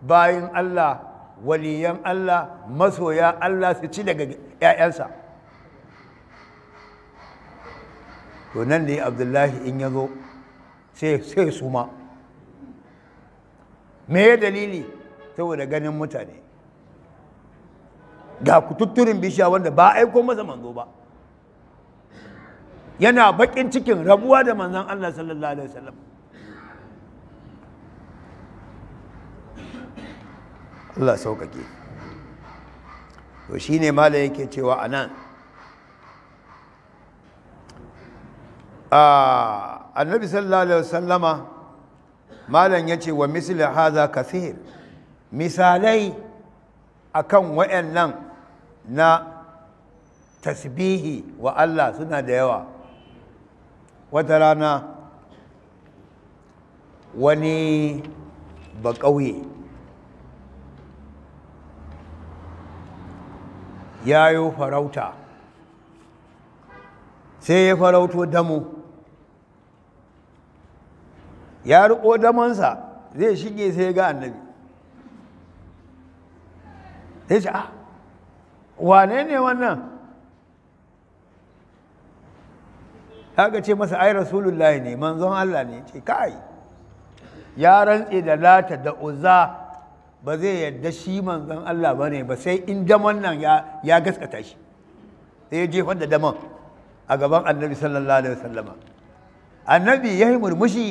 bayan Allah waliyan Allah masoya Allah su ci daga ‘ya'yansa to nan ne abdullahi in ya zo sai su ma me ya dalili saboda ganin mutane ga kututturin bishiya wanda ba aiko masa manzo ba yana bakin cikin rabuwa da manzan Allah sallallahu alaihi wasallam Allah sauƙaƙe to shi ne mala yake cewa a nan annabi sallallahu alaihi wasallama malam ya ce wa misali haza kathir misalai akan waɗannan na tasbihi wa Allah suna da yawa wata rana wani ba ƙauye Ya yi farauta sai ya farauto damo ya riko damonsa zai shige sai ga annabi ya ce a ah, wane ne wannan haka ce masa ai rasulullahi ne manzon Allah ne ce kai ya rantse da lata da uzza ba zai yadda shi manzan Allah ba ne ba sai in daman nan ya gaskata shi sai ya jefar da daman a gaban annabi sallallahu alaihi wasallama annabi ya yi murmushi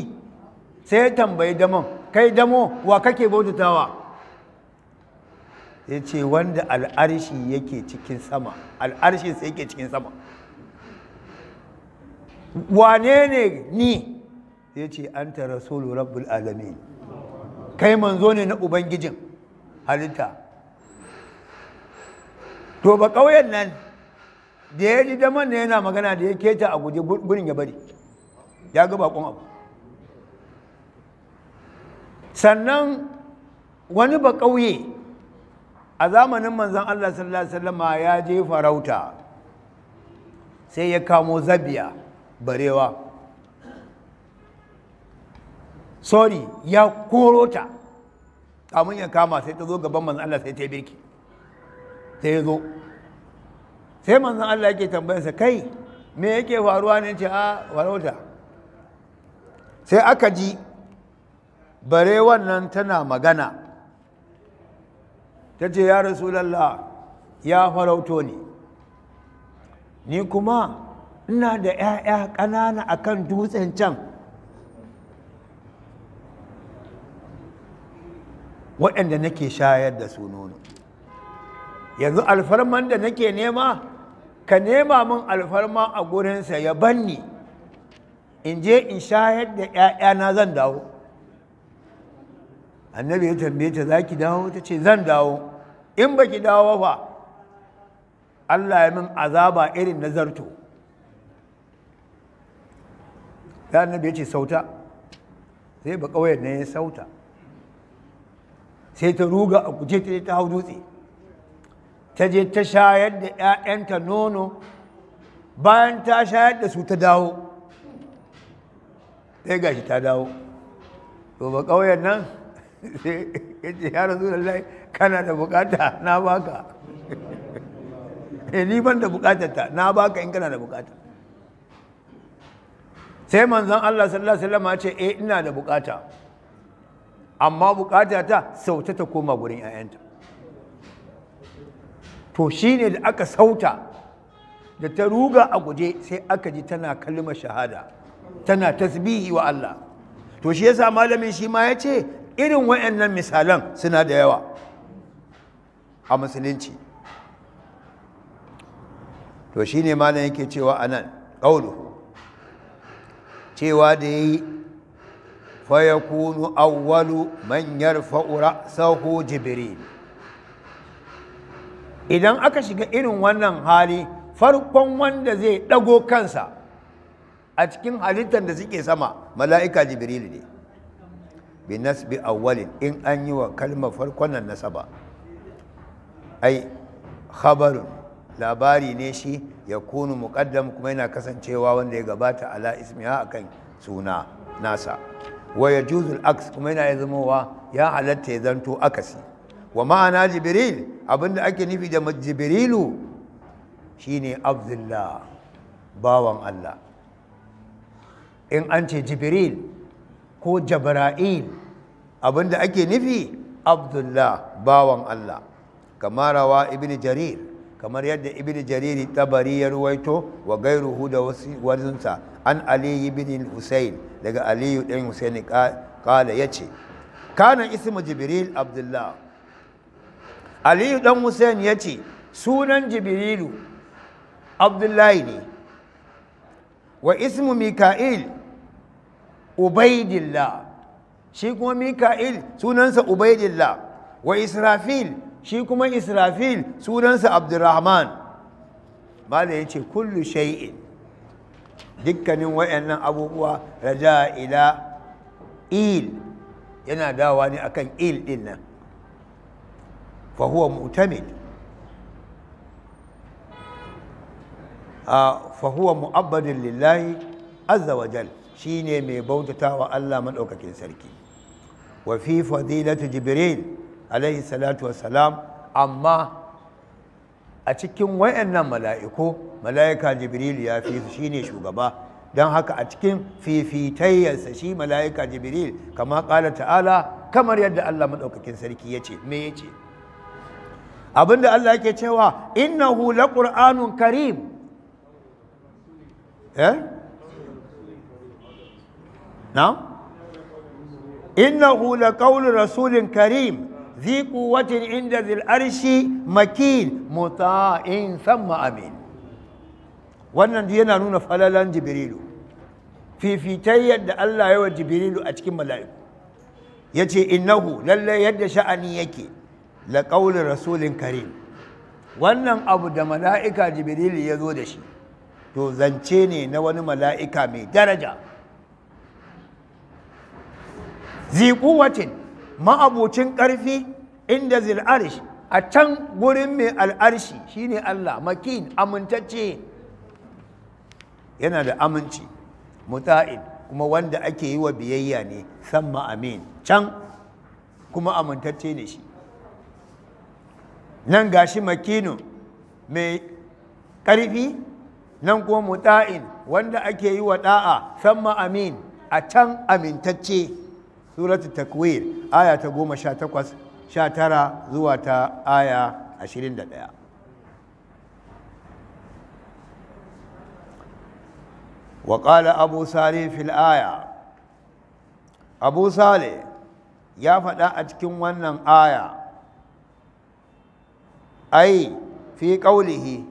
sai ya tambayi daman kai damo wa kake bautatawa ya ce wanda al'arshi yake cikin sama al'arshi sai yake cikin sama wane ne ni ya ce anta rasulu rabbul alamin kai manzo ne na ubangijin halitta to ba ƙauyen nan da ya ji daman ne yana magana da ya keta a guje gurin ya bari ya ga baƙon abu sannan wani ba ƙauye a zamanin manzan Allah sallallahu Alaihi wasallama ya je farauta sai ya kamo zabiya barewa sorry ya koro ta kamun ya kama sai ta zo gaban manzan Allah sai ta birki sai ya zo sai manzan Allah yake tambayarsa kai me yake faruwa ne ce a ah, warauta sai aka ji bare wannan tana magana ta ce ya rasulallah ya farauto ne ni kuma ina da 'ya'ya ƙanana akan dutsen can waɗanda nake shayar da su nono yanzu alfarman da nake nema ka nema min alfarma a gurinsa ya banni in je in shayar da ‘ya'yana zan dawo annabi ya tambaye ta za ki dawo ta ce zan dawo in ba ki dawo fa Allah ya min azaba irin na zarto ya annabi ya ce sauta sai ba kawai ne ya sauta sai ta ruga a kuje ta ta hau dutse ta je ta shayar da 'ya'yanta nono bayan ta shayar da su ta dawo sai gashi ta dawo to ba ƙauyen nan [laughs] sai ya ce ya rasu lallai kana da bukata na baka [laughs] eh, ni ban da bukatarta na baka in kana da bukata sai manzon Allah sallallahu alaihi wasallam ya ce eh ina da bukata amma bukata ta sauta ta koma gurin 'ya'yanta to shine da aka sauta da ta ruga a guje sai aka ji tana kalmar shahada tana tasbihi wa Allah to shi yasa malamin shi ma yace irin wayannan misalan suna da yawa a musulunci to shine malam yake cewa anan qaulu cewa da yayi فيكون أول من fa'ura رأسه جبريل idan aka shiga irin wannan hali farkon wanda zai ɗago kansa a cikin halittar da suke sama mala'ika jibril ne bi nasbi awwalin in an yi wa kalmar farkon nan nasaba ai habarin labari ne shi ya kunu muƙaddam kuma yana kasancewa wanda ya gabata ala ismiya akan suna nasa Waya ya juzul aks kuma yana zamowa ya halatta ya zanto akasi wa ma'ana jibril abinda ake nufi da jibrilu shine abdullah bawan allah in an ce jibril ko jabra'il abinda ake nufi abdullah bawan allah kamar rawa ibn jarir kamar yadda ibn jarir ta bari ya ruwaito wa gairuhu da wasu wazinsa an aliyu bin husayn daga aliyu ɗan husayn kala ya ce kana ismu jibril abdullah aliyu ɗan husayn ya ce sunan jibrilu abdullahi ne wa ismu mika'il ubaidillah shi kuma mika'il sunansa ubaidillah wa israfil shi kuma israfil sunansa abdurrahman mala ya ce kullu shay'in dukkanin wayannan abubuwa raja ila il yana dawa ne akan il din nan fa huwa mu'tamid fa huwa mu'abbadin lillahi azza wa jal shine mai bautatawa Allah madaukakin sarki wa fi fadilatu jibril alaihi salatu Salam amma a cikin wayannan mala'iku mala'ika jibril ya fi su shine shugaba don haka a cikin fifitayyarsa shi mala'ika jibril kama ƙala ta'ala kamar yadda Allah maɗaukakin sarki ya ce me ya ce abinda Allah yake cewa innahu la ƙur'anun karim eh? na innahu la ƙaunin rasulin karim ذي قوة عند ذي الأرش مكين مطاع ثم أمين wannan duk yana nuna falalan jibrilu fifitai yadda Allah ya wa jibrilu a cikin mala'iku ce, innahu lalle yadda sha'ani yake la qawli rasulin karim wannan abu da mala'ika jibrilu ya zo da shi to zance ne na wani mala'ika mai daraja zi quwwatin ma'abocin ƙarfi inda zil arish a can gurin mai al'arshi shine Allah makin amintacce yana da aminci muta'in kuma wanda ake yi wa biyayya ne samma amin can kuma amintacce ne shi nan gashi makinu mai ƙarfi nan kuma muta'in wanda ake yi wa da'a samma amin a can amintacce suratul takwir aya ta goma sha takwas sha tara zuwa ta aya ashirin da ɗaya wa ƙala abu sari fil aya abu sale ya faɗa a cikin wannan aya ai fi ƙaulihi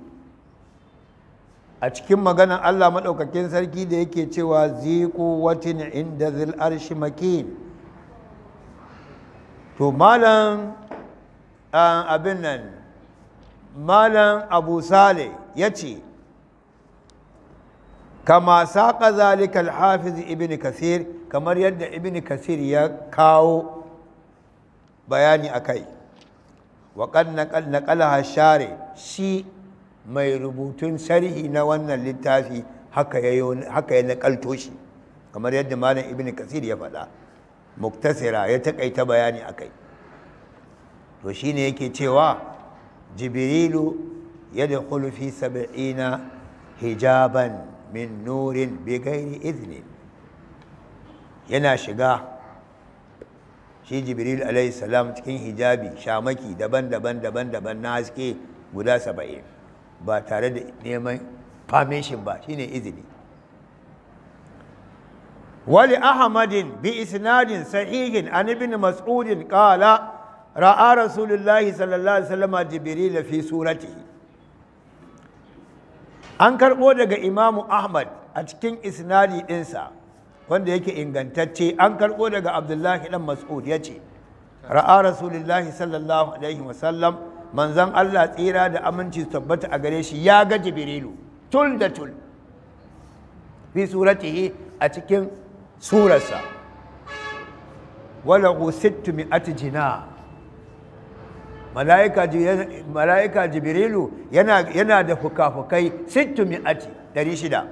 a cikin maganar allah maɗaukakin sarki da yake cewa ziku watin inda arshi makin to malam abin nan malam abu sale ya ce kama saƙa zalika alhafiz ibn kasir kamar yadda ibn kasir ya kawo bayani a kai waƙan naƙalaha share shi mai rubutun sharhi na wannan littafi haka ya naƙalto shi kamar yadda malam ibn kasir ya faɗa muktasira ya takaita bayani a kai to shine yake cewa jibrilu da fi sab'ina hijaban min nurin bighairi idhnin yana shiga shi jibril alayhi salam cikin hijabi shamaki daban-daban daban-daban na haske guda saba'in ba tare da neman permission ba shine izini wali ahmadin bi isnadin sahihin an ibn mas'udin qala ra'a rasulullahi an karɓo daga imamu ahmad a cikin isnadi ɗinsa wanda yake ingantacce an karɓo daga abdullahi ɗan mas'ud ya ce ra'a rasulullahi sallallahu alaihi wasallam manzan allah tsira da aminci su tabbata a gare shi ya ga jibrilu tul da tul fi suratihi a cikin surarsa walahu sittu mi'ati jina mala'ika jibrilu yana da fuka-fukai sittu mi'ati ɗari shida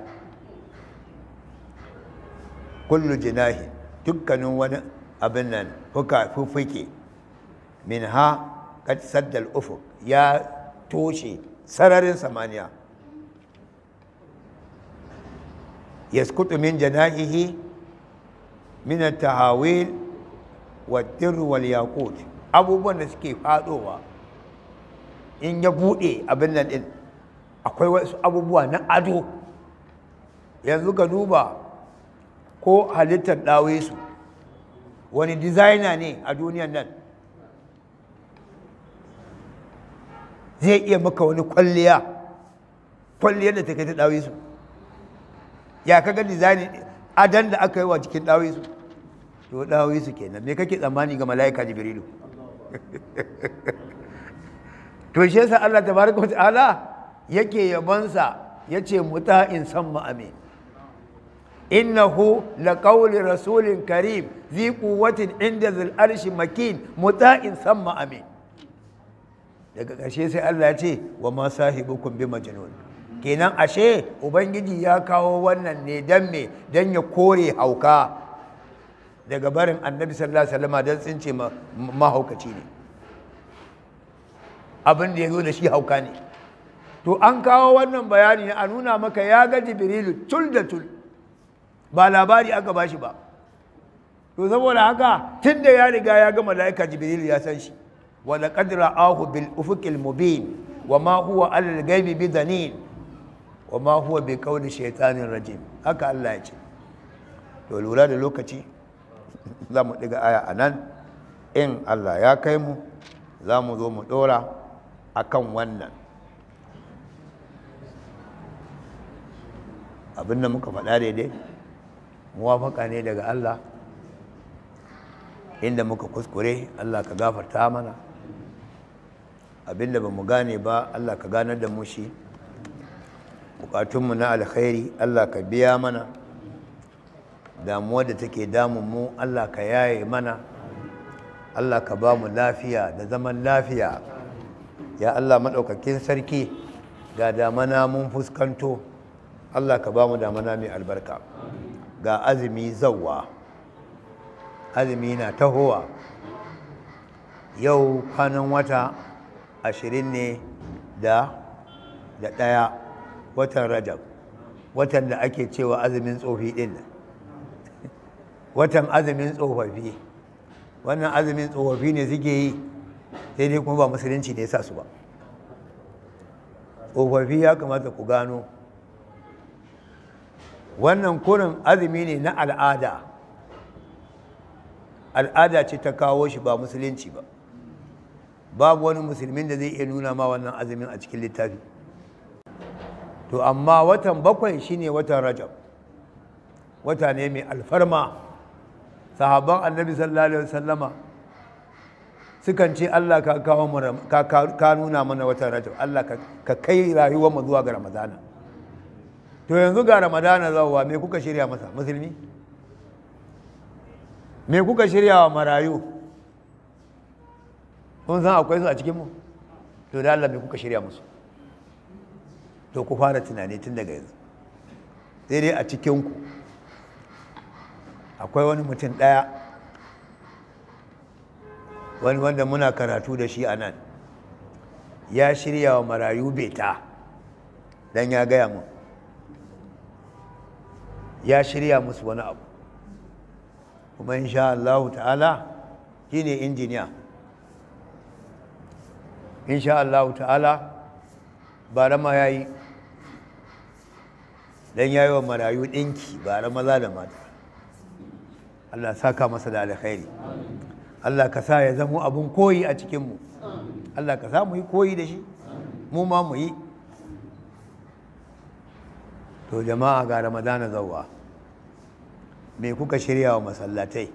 kullu jinahi dukkanin wani abin nan fukafuke min ha kad ufuk ya toshe sararin samaniya yaskutu min janahihi minan tahawil wa wal yaqut abubuwan da suke fadowa in ya bude abin nan din akwai wasu abubuwa na ado yanzu ka duba ko halittar su wani designer ne a duniyan nan zai iya maka wani kwalliya kwalliyar da ta kai ta ya kaga design adan da aka yi wa jikin su to dawoyi su kenan me kake tsammani ga malaika jibrilu [laughs] to shi yasa Allah tabaraka wa ta'ala yake yabansa yace muta'in samma amin innahu laqawli rasulin karim zi quwwatin inda zil arshi makin muta'in samma amin daga ƙarshe sai Allah ya ce wa ma sahibukum bi majnun kenan ashe ubangiji ya kawo wannan ne dan me dan ya kore hauka daga barin annabi sallallahu alaihi wasallama don tsince mahaukaci ne abin da ya zo da shi hauka ne to an kawo wannan bayani a nuna maka ya ga jibrilu tul da tul ba labari aka ba shi ba to saboda haka tun da ya riga ya ga mala'ika jibrilu ya san shi wa laqad ra'ahu bil ufuqil mubin wa ma huwa alal ghaibi bidanin wa ma huwa bi qawli shaytanir rajim haka Allah ya ce to lura da lokaci za mu ɗiga aya a nan in allah ya kai mu za mu zo mu ɗora a kan wannan abin da muka faɗa daidai muwafaka ne daga allah inda muka kuskure allah ka gafarta mana abinda ba mu gane ba allah ka ganar da mu shi bukatunmu na alkhairi allah ka biya mana damuwa da take damun mu Allah ka yaye mana Allah ka ba mu lafiya da zaman lafiya ya Allah maɗaukakin sarki ga damana mun fuskanto Allah ka ba mu damana mai albarka ga azumi zauwa azumi na tahowa yau kwanan wata ashirin ne da da ɗaya watan rajab watan da ake cewa azumin tsofi ɗin watan azumin tsofaffi wannan azumin tsofaffi ne suke yi sai dai kuma ba musulunci ne sa su ba tsofaffi ya kamata ku gano wannan kurin azumi ne na al'ada al'ada ce ta kawo shi ba musulunci ba babu wani musulmin da zai iya nuna ma wannan azumin a cikin littafi to amma watan bakwai shine watan rajab wata ne mai alfarma sahabban annabi sallallahu alaihi wasallama sukan ce Allah ka kawo mu ka nuna mana watan Rajab Allah ka kai rayuwar mu zuwa ga Ramadana to yanzu ga Ramadana zawa me kuka shirya masa musulmi me kuka shirya wa marayu kun san akwai su a cikin mu to da Allah me kuka shirya musu to ku fara tunani tun daga yanzu sai dai a cikin ku akwai wani mutum ɗaya wani wanda muna karatu da shi a nan ya shirya wa marayu beta don ya gaya mun ya shirya musu wani abu kuma insha Allah ta'ala shi ne injiniya insha Allah ta'ala bara ma ya yi don ya yi wa marayu ɗinki bara maza da mata Allah saka masa da alkhairi Allah ka sa ya zamo abin koyi a cikinmu Allah ka sa mu yi koyi da shi mu ma mu yi to jama'a ga ramadana zauwa me kuka shirya wa masallatai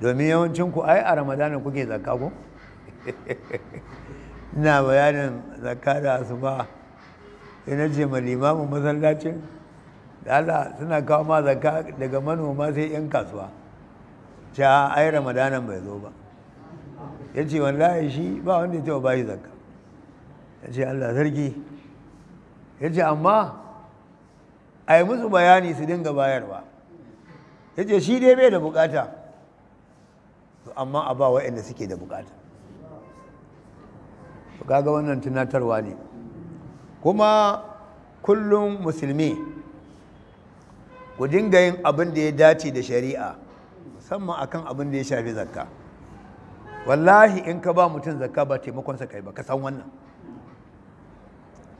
domin yawancinku ai a ramadana kuke zakka ko [laughs] ina bayanin zakka da asuba sai na ce ma limamin masallacin Allah suna kawo ma zaka daga manoma sai 'yan kasuwa cewa ai ramadanan bai zo ba ya ce wallahi shi ba wanda ya ce ba shi zaka ya ce Allah sarki ya ce amma a musu bayani su dinga bayarwa ya ce shi dai bai da bukata To amma a ba waɗanda suke da bukata kaga wannan tunatarwa ne kuma kullum musulmi ku dinga yin abin da ya dace da shari'a musamman akan abin da ya shafi zakka wallahi in ka ba mutum zakka ba taimakonsa kai ba ka san wannan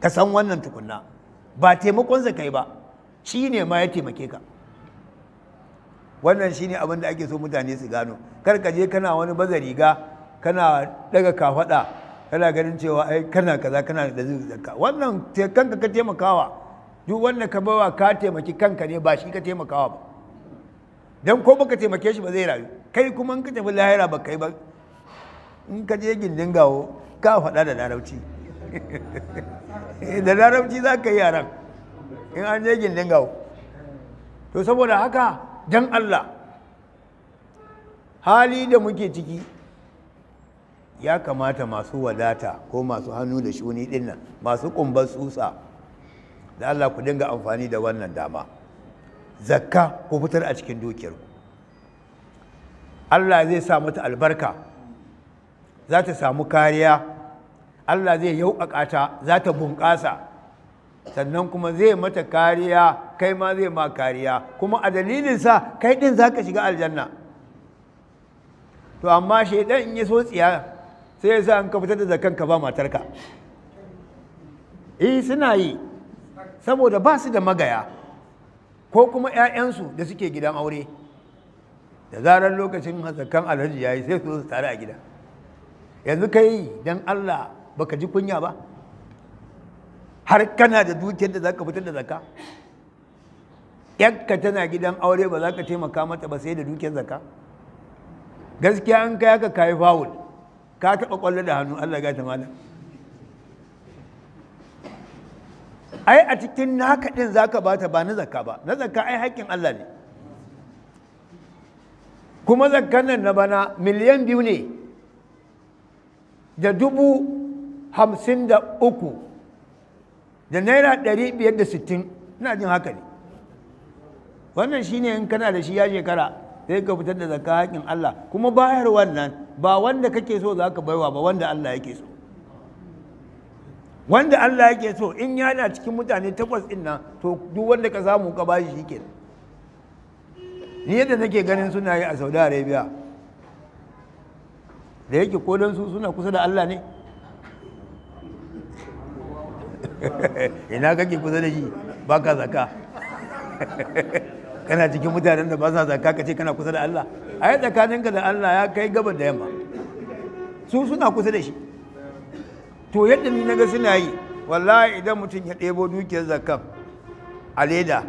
ka san wannan tukunna ba taimakonsa kai ba shi ne ma ya taimake ka wannan shi ne abin da ake so mutane su gano kar ka je kana wani baza riga kana daga kafaɗa kana ganin cewa ai kana kaza kana da zakka wannan kanka ka taimakawa duk wanda ka bawa ka taimaki kanka ne ba shi ka taimakawa ba don ko baka taimake shi ba zai rayu kai kuma in ka tafi lahira ba kai ba in ka je gindin gawo ka faɗa da larabci [laughs] da larabci za ka yi a ran in an je gindin gawo to saboda haka don Allah hali da muke ciki ya kamata masu wadata ko masu hannu da shuni dinnan masu kumbar tsutsa da Allah ku dinga amfani da wannan dama zakka ku fitar a cikin dukiyarku Allah zai sa mata albarka za ta samu kariya Allah zai yauƙaƙa ta za ta bunƙasa sannan kuma zai mata kariya kai ma zai ma kariya kuma a dalilinsa kai ɗin za ka shiga aljanna to amma shaidan in yi so tsiya sai ya sa an ka fitar da zakanka ka ba matarka eh suna yi saboda ba su da magaya ko kuma 'ya'yansu da suke gidan aure da zarar lokacin hasakan alhaji ya yi sai su su tare a gida yanzu kai don allah baka ji kunya ba har kana da dukiyar da za ka fitar da zaka yakka tana gidan aure ba za ka taimaka mata ba sai da dukiyar zaka gaskiya an kai ka kayi fawul ka taɓa ƙwallo da hannu allah ta malam ai a cikin naka din zaka bata ba na zakka ba na zakka ai haƙƙin Allah ne kuma zakkan nan na bana miliyan biyu ne da dubu hamsin da uku da naira ɗari biyar da sittin ina jin haka ne wannan shine in kana da shi ya shekara sai ka fitar da zakka haƙƙin Allah kuma bayar wannan ba wanda kake so za ka baiwa ba wanda Allah yake so wanda Allah yake so in yana cikin mutane takwas din nan to duk wanda ka samu ka bashi shike ni yadda nake ganin suna yi a Saudi Arabia da yake kodan su suna kusa da Allah ne [laughs] ina kake kusa da shi ba ka zaka [laughs] kana cikin mutanen da ba sa zaka ka ce kana kusa da Allah a yi tsakaninka da Allah ya kai gaba da yamma su suna kusa da shi to yadda ni na ga suna yi wallahi idan mutum ya ɗebo dukiyar zakaf a leda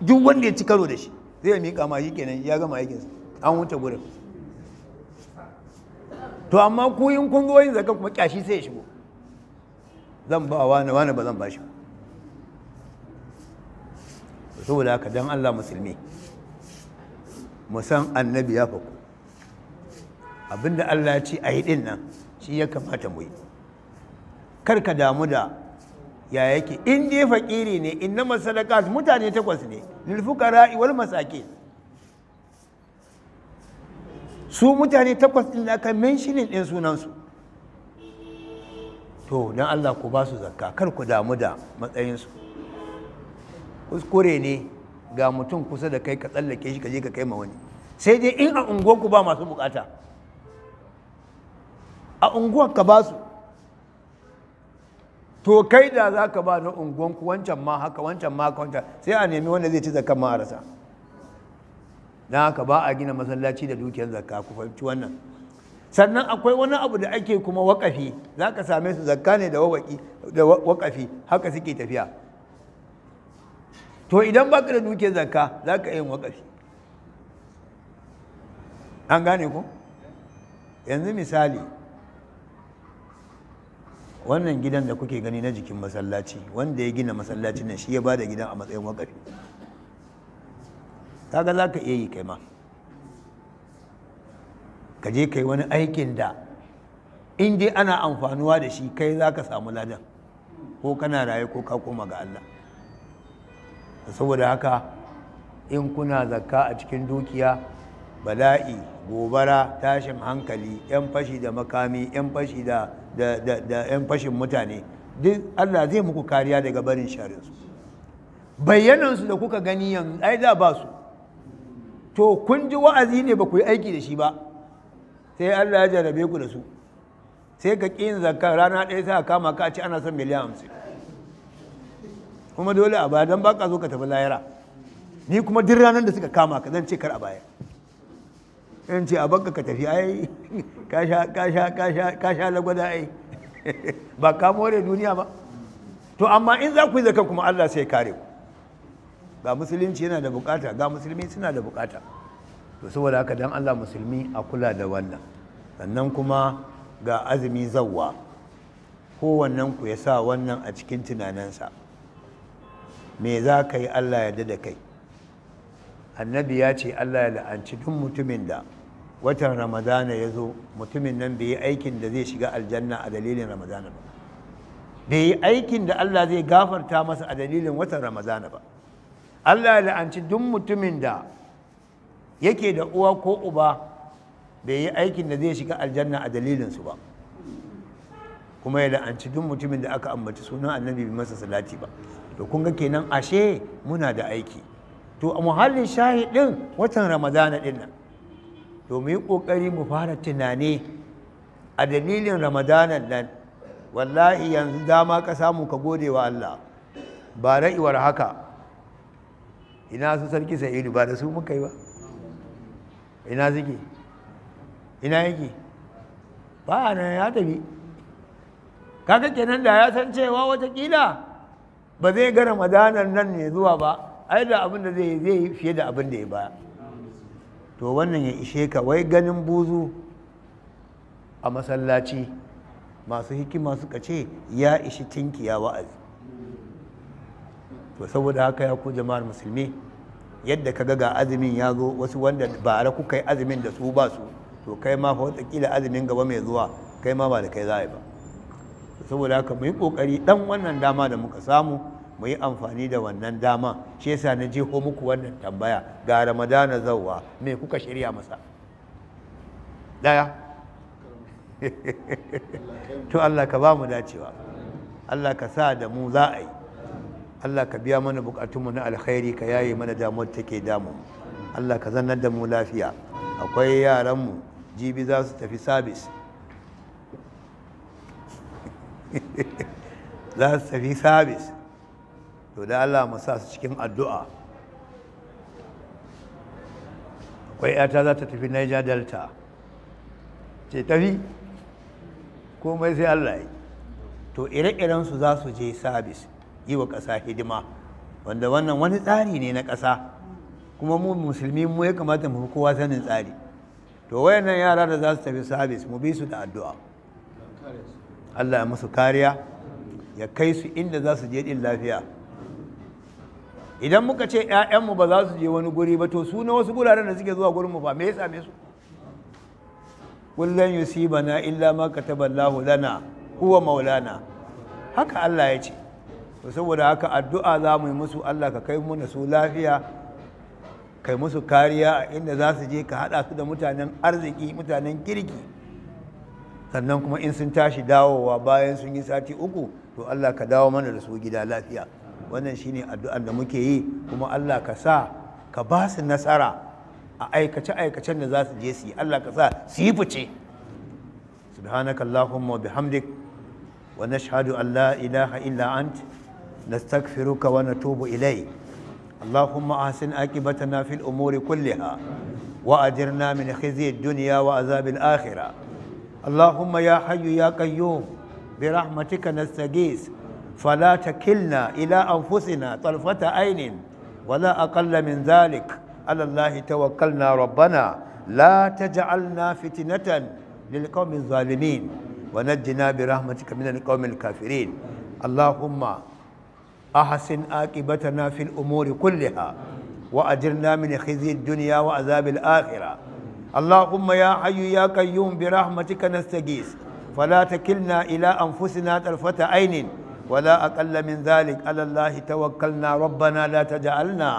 duk wanda ya ci karo da shi zai miƙa ma shi kenan ya gama aikinsa an wuce gurin to amma ku in kun zo yin zakaf kuma kyashi sai ya shigo zan ba wani wani ba zan ba shi saboda haka dan Allah musulmi mu san annabi ya faku abinda Allah ya ce a yi din nan shi ya kamata mu yi kar ka damu da ya yake in dai fakiri ne inna masadaqat mutane takwas ne lil fuqara wal masakin su mutane takwas din da aka mentionin din sunan su to don Allah ku ba su zakka kar ku damu da matsayin su kuskure ne ga mutum kusa da kai ka tsallake shi ka je ka kai ma wani sai dai in a unguwanku ba masu bukata a unguwar ka ba su to kai da za ka ba na unguwanku wancan ma haka wancan ma haka wancan sai a nemi wanda zai ci zakkan ma'arasa a don haka ba a gina masallaci da dukiyar zakka ku fahimci wannan sannan akwai wani abu da ake kuma wakafi za ka same su zakka ne da wakafi haka suke tafiya to idan baka da dukiyar zakka za ka yin wakafi an gane ku yanzu misali wannan gidan da kuke gani na jikin masallaci wanda ya gina masallaci nan shi ya ba da gidan a matsayin wakafi kaga za ka iya yi kai ma ka je kai wani aikin da in dai ana amfanuwa da shi kai za ka samu ladan ko kana raye ko ka koma ga Allah saboda haka in kuna zakka a cikin dukiya bala'i gobara tashin hankali 'yan fashi da makami 'yan fashi da da 'yan fashin mutane duk Allah zai muku kariya daga barin sharinsu bayyanansu da kuka gani yanzu ai da ba su to kun ji wa'azi ne ba ku yi aiki da shi ba sai Allah ya jarabe ku da su sai ka ƙin zakka rana ɗaya sai a kama ka ci ana son miliyan hamsin kuma dole a baya don ba ka zo ka tafi layara ni kuma duk ranar da suka kama ka zan ce kar a baya in ce a baka ka tafi ai ka sha lagwada ai ba ka more duniya ba to amma in za ku yi zaka kuma Allah sai kare ku ga musulunci yana da bukata ga musulmi suna da bukata to saboda haka dan Allah musulmi a kula da wannan sannan kuma ga azumi zawwa kowannen ku ya sa wannan a cikin tunaninsa me za ka yi Allah ya da kai annabi ya ce Allah ya la'anci duk mutumin da watan ramadana ya zo mutumin nan bai yi aikin da zai shiga aljanna a dalilin ramadana ba bai yi aikin da Allah zai gafarta masa a dalilin watan ramadana ba Allah ya la'anci duk mutumin da yake da uwa ko uba bai yi aikin da zai shiga aljanna a dalilinsu ba kuma ya la'anci duk mutumin da aka ambaci sunan annabi bi masa salati ba to kun ga kenan ashe muna da aiki to a muhallin shahidin watan ramadana din nan domin ƙoƙari mu fara tunani a dalilin ramadanan nan wallahi yanzu dama ka samu ka gode wa Allah ba ra'iwar haka ina su sarki sa'idu ba da su muka yi ba ina suke ina yake ba na ya tafi kaga kenan da ya san cewa watakila ba zai ga ramadanan nan ne zuwa ba ai da abin da zai zai fiye da abin da ya baya to wannan ya ishe ka wai ganin buzu a masallaci masu hikima suka ce ya ishi tinkiya wa'azi to saboda haka ya ku jama'ar musulmi yadda ka ga azumin ya zo wasu wanda bara kuka yi azumin da su ba su to kai ma fa kila azumin gaba mai zuwa kai ma ba da kai za ba saboda haka mu yi kokari dan wannan dama da muka samu mu yi amfani da wannan dama shi yasa na jeho muku wannan tambaya ga ramadana zauwa me kuka shirya masa daya [laughs] to Allah ka ba mu dacewa Allah ka sa da mu za a yi Allah ka biya mana bukatunmu na alkhairi ka yaye mana damuwar take damu Allah ka zannar da mu lafiya akwai yaranmu jibi za su tafi sabis [laughs] za su tafi sabis to da Allah mu sa su cikin addu'a akwai yata za ta tafi Niger Delta ce tafi komai sai Allah yi to ire-iren su za su je sabis yi wa ƙasa hidima wanda wannan wani tsari ne na ƙasa kuma mu musulmi mu ya kamata mu kowa sanin tsari to wayannan yara da za su tafi sabis mu bi su da addu'a Allah ya musu kariya ya kai su inda za su je din lafiya idan muka ce 'ya'yanmu ba za su je wani guri ba to su na wasu guraren da suke zuwa gurinmu ba me ya same su kullum na illa ma ka Allahu lana huwa maulana haka Allah ya ce to saboda haka addu'a za mu yi musu Allah ka kai mu su lafiya kai musu kariya a inda za su je ka haɗa su da mutanen arziki mutanen kirki sannan kuma in sun tashi dawowa bayan sun yi sati uku to Allah ka dawo mana da su gida lafiya wannan ne addu'an da muke yi kuma Allah ka sa ka ba su nasara a aikace aikacen da za su je su yi Allah ka sa su yi fice subhanaka allahumma bihamdik wa nashhadu an la ilaha illa ant nastaghfiruka wani tobu ilai اللهم أحسن عاقبتنا في الأمور كلها وأجرنا من خزي الدنيا وعذاب الآخرة اللهم يا حي يا قيوم برحمتك نستغيث فلا تكلنا إلى أنفسنا طرفة عين ولا أقل من ذلك على الله توكلنا ربنا لا تجعلنا فتنة للقوم الظالمين ونجنا برحمتك من القوم الكافرين اللهم أحسن عاقبتنا في الأمور كلها وأجرنا من خزي الدنيا وعذاب الآخرة اللهم يا حي يا قيوم برحمتك نستغيث فلا تكلنا إلى أنفسنا طرفة عين ولا أقل من ذلك على الله توكلنا ربنا لا تجعلنا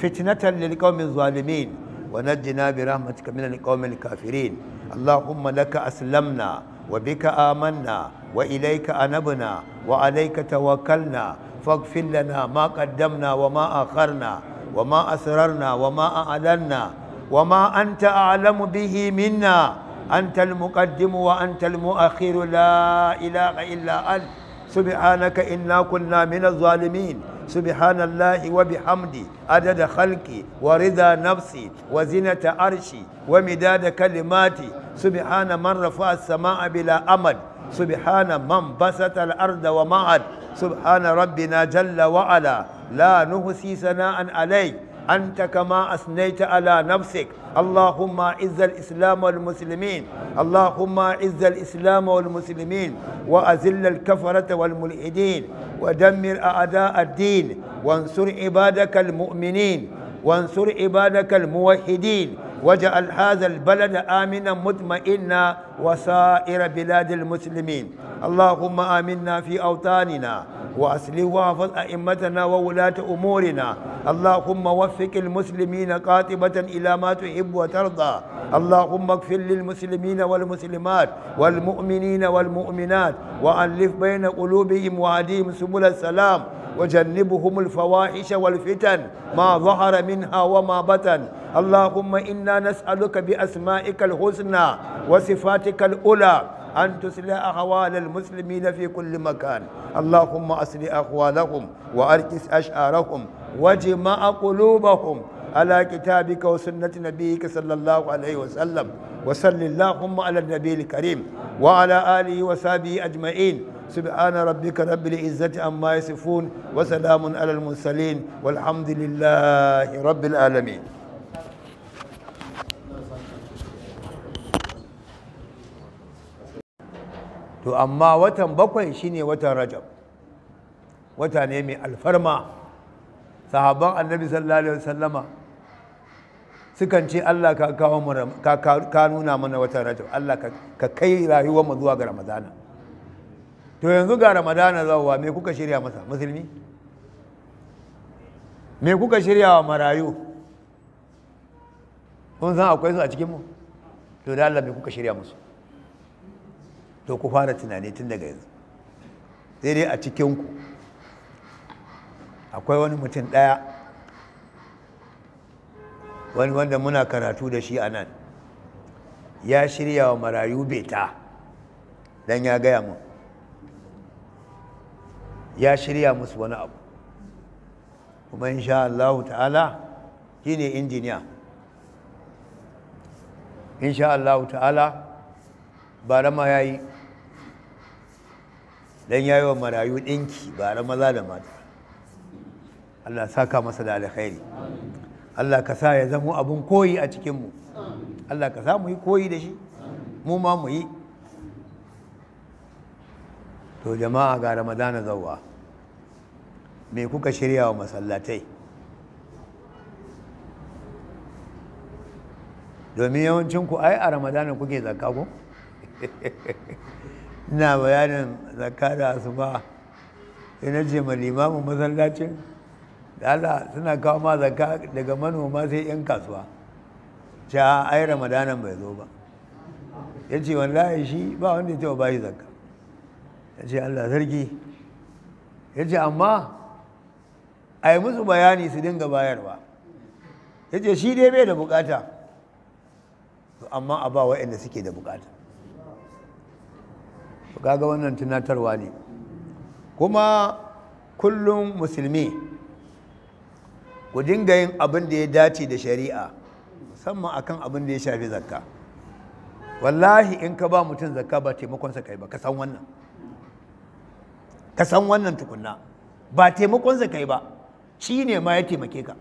فتنة للقوم الظالمين ونجنا برحمتك من القوم الكافرين اللهم لك أسلمنا وبك آمنا وإليك أنبنا وعليك توكلنا فاغفر لنا ما قدمنا وما آخرنا وما أسررنا وما أعلنا وما أنت أعلم به منا أنت المقدم وأنت المؤخر لا إله إلا أنت subhanaka inna kunna minaz zalimin subhanallahi wa bihamdi adada khalqi wa rida nafsi wa zinata arshi wa da kalimati subhana man rafa'a as-samaa bila subhana man basata al-arda wa ma'ad subhana rabbina jalla wa ala la nuhsi sana'an alai. أنت كما أثنيت على نفسك اللهم عز الإسلام والمسلمين اللهم عز الإسلام والمسلمين وأذل الكفرة والملحدين ودمر أعداء الدين وانصر عبادك المؤمنين وانصر عبادك الموحدين وجعل هذا البلد آمنا مطمئنا وسائر بلاد المسلمين اللهم آمنا في أوطاننا وأصلح واحفظ أئمتنا وولاة أمورنا اللهم وفق المسلمين قاطبة إلى ما تحب وترضى اللهم اغفر للمسلمين والمسلمات والمؤمنين والمؤمنات وألف بين قلوبهم وعديم سبل السلام وجنبهم الفواحش والفتن ما ظهر منها وما بطن اللهم إنا إنا نسألك بأسمائك الحسنى وصفاتك الأولى أن تسلع أحوال المسلمين في كل مكان اللهم أسلع أحوالهم وأركس أشعارهم وجمع قلوبهم على كتابك وسنة نبيك صلى الله عليه وسلم وصل اللهم على النبي الكريم وعلى آله وصحبه أجمعين سبحان ربك رب العزة عما يصفون وسلام على المرسلين والحمد لله رب العالمين to amma watan bakwai shine watan rajab wata ne mai alfarma sahabban annabi sallallahu alaihi wasallama sukan ce Allah ka kawo mu ka nuna mana watan rajab Allah ka kai rayuwar mu zuwa ga ramadana to yanzu ga ramadana zawa me kuka shirya masa musulmi me kuka shirya wa marayu kun san akwai su a cikin mu to da Allah me kuka shirya musu to ku fara tunani tun daga yanzu sai dai a cikinku akwai wani mutum ɗaya wani wanda muna karatu da shi a nan ya shirya wa marayu beta don ya gaya mun ya shirya musu wani abu kuma insha Allah ta'ala shi ne injiniya insha Allah ta'ala Barama ya yi dan yi wa marayu ɗinki ba na maza da mata Allah saka masa da alkhairi Allah ka sa ya zamo abin koyi a cikinmu Allah ka sa mu yi koyi da shi mu ma mu yi to jama'a ga ramadana zauwa me kuka shirya wa masallatai domin yawancinku ai a ramadana kuke zakka ko [laughs] ina bayanin zakka da asuba sai na ce ma limamin masallacin da Allah suna kawo ma zakka daga manoma sai 'yan kasuwa ca ai ramadanan bai zo ba ya ce wallahi shi ba wanda ya ce ba shi zakka ya ce Allah sarki ya ce amma a yi musu bayani su dinga bayarwa ya ce shi dai bai da bukata amma a ba waɗanda suke da bukata kaga wannan tunatarwa ne kuma kullum musulmi ku dinga yin abin da ya dace da shari'a musamman akan abin da ya shafi zakka wallahi in ka ba mutum zakka ba taimakonsa kai ba ka san wannan ka san wannan tukunna ba taimakonsa kai ba shi ne ma ya taimake ka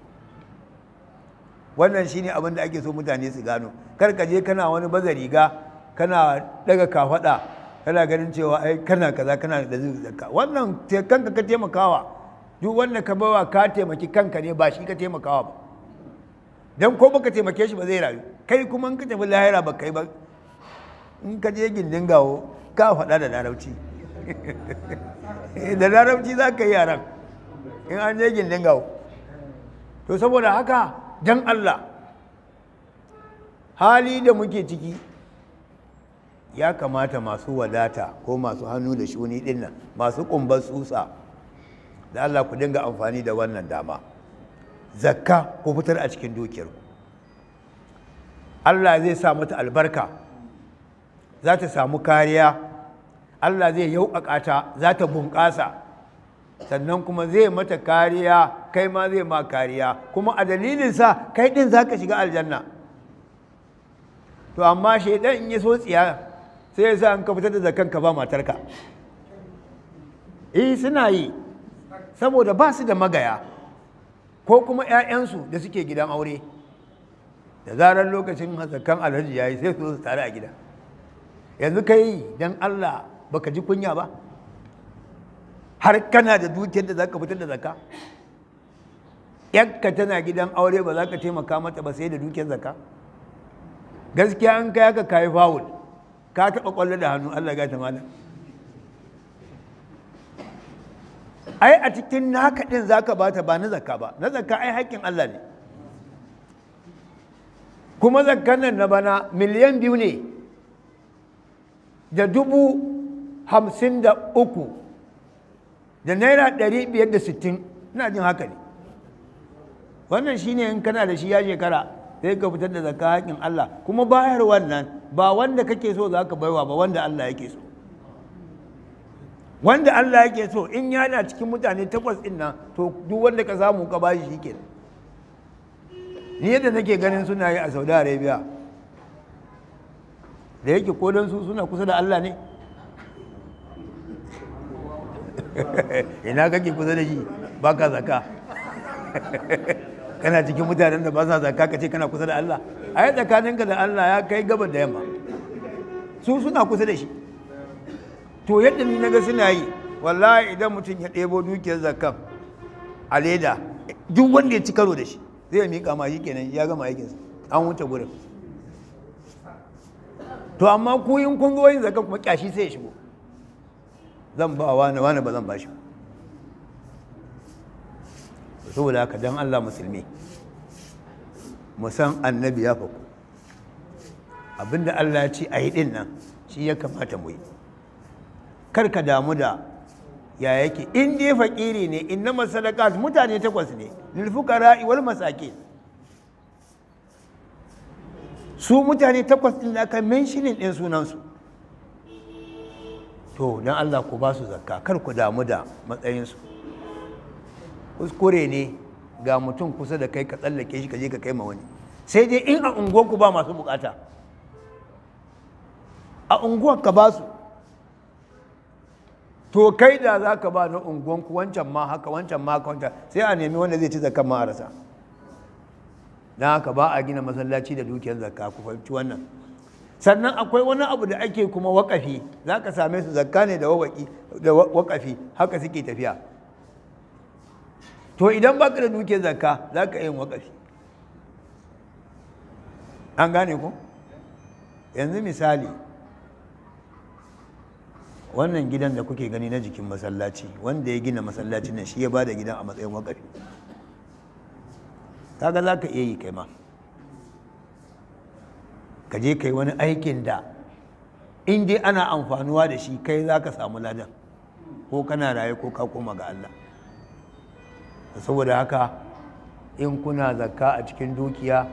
wannan shi ne abin da ake so mutane su gano kar ka je kana wani baza riga kana daga kafaɗa kana ganin cewa ai kana kaza kana da zakka wannan kanka ka taimakawa duk wanda ka bawa ka taimaki kanka ne ba shi ka taimakawa ba dan ko baka taimake shi ba zai rayu kai kuma in ka tafi lahira ba kai ba in ka je gindin gawo ka faɗa da larabci [laughs] da larabci za ka yi a ran. in an je gindin gawo to saboda haka dan Allah hali da muke ciki ya kamata masu wadata ko masu hannu da shuni din masu kumbar tsutsa da Allah ku dinga amfani da wannan dama zakka ku fitar a cikin dukiyarku Allah zai sa mata albarka za ta samu kariya Allah zai yauƙaƙa ta za ta bunƙasa sannan kuma zai mata kariya kai ma zai ma kariya kuma a dalilin sa kai din za ka shiga aljanna to amma shaidan in ya so tsiya sai ya sa an ka fitar da zakan ka ba matarka eh suna yi saboda ba su da magaya ko kuma 'ya'yansu da suke gidan aure da zarar lokacin zakan alhaji ya yi sai su su tare a gida yanzu kai don allah baka ji kunya ba har kana da dukiyar da zaka fitar da zakka yakka tana gidan aure ba za ka taimaka mata ba sai da dukiyar zaka? gaskiya an kai ka kayi fawul ka taɓa ƙwallo da hannu Allah gata malam ai a cikin naka ɗin za ka bata ba na zakka ba na zakka ai haƙƙin Allah ne kuma zakkan nan na bana miliyan biyu ne da dubu hamsin da uku da naira ɗari biyar da sittin ina jin haka ne wannan shine in kana da shi ya shekara sai ka fitar da zaka haƙin Allah kuma bayar wannan ba wanda kake so za ka baiwa ba wanda Allah yake so wanda Allah yake so in yana cikin mutane takwas ɗin nan to duk wanda ka samu ka bashi shi ni yadda nake ganin suna yi a Saudi Arabia da yake kodan su suna kusa da Allah ne [laughs] ina kake kusa da shi baka zaka [laughs] kana cikin mutanen da ba sa zakka ka ce kana kusa da Allah ai tsakaninka da Allah ya kai gaban da yamma su suna kusa da shi to yadda ni naga suna yi wallahi idan mutum ya ɗebo dukiyar zakka a leda duk wanda ya ci karo da shi zai miƙa ma shi kenan ya gama aikinsa an wuce gurin to amma ku in kun zo yin zakka kuma kyashi sai ya shigo zan ba wani wani ba zan ba shi ba saboda haka don Allah musulmi musan annabi ya faku abinda Allah ya a yi din nan shi ya kamata mu yi kar ka damu da ya yake in dai fakiri ne inna masalaka mutane takwas ne nilfuka ra'i wal masakin su mutane takwas din da aka menshinin din sunansu to dan Allah ku ba su zakka kar ku damu da matsayinsu. su kuskure ne ga mutum kusa da kai ka tsallake shi ka je ka kai ma wani sai dai in a unguwanku ba masu bukata a unguwar ka ba su to kai da za ka ba na unguwanku wancan ma haka wancan ma haka wancan sai a nemi wanda zai ci zakan ma a don haka ba a gina masallaci da dukiyar zakka ku fahimci wannan sannan akwai wani abu da ake kuma wakafi za ka same su zakka ne da wakafi haka suke tafiya to idan baka da duke zakka za ka yin wakafi an gane ku yanzu misali wannan gidan da kuke gani na jikin masallaci wanda ya gina masallaci na shi ya ba da gidan a matsayin wakafi kaga za ka iya yi kai ma ka je kai wani aikin da in dai ana amfanuwa da shi kai za ka samu ladan ko kana raye ko ka koma ga Allah saboda haka in kuna zakka a cikin dukiya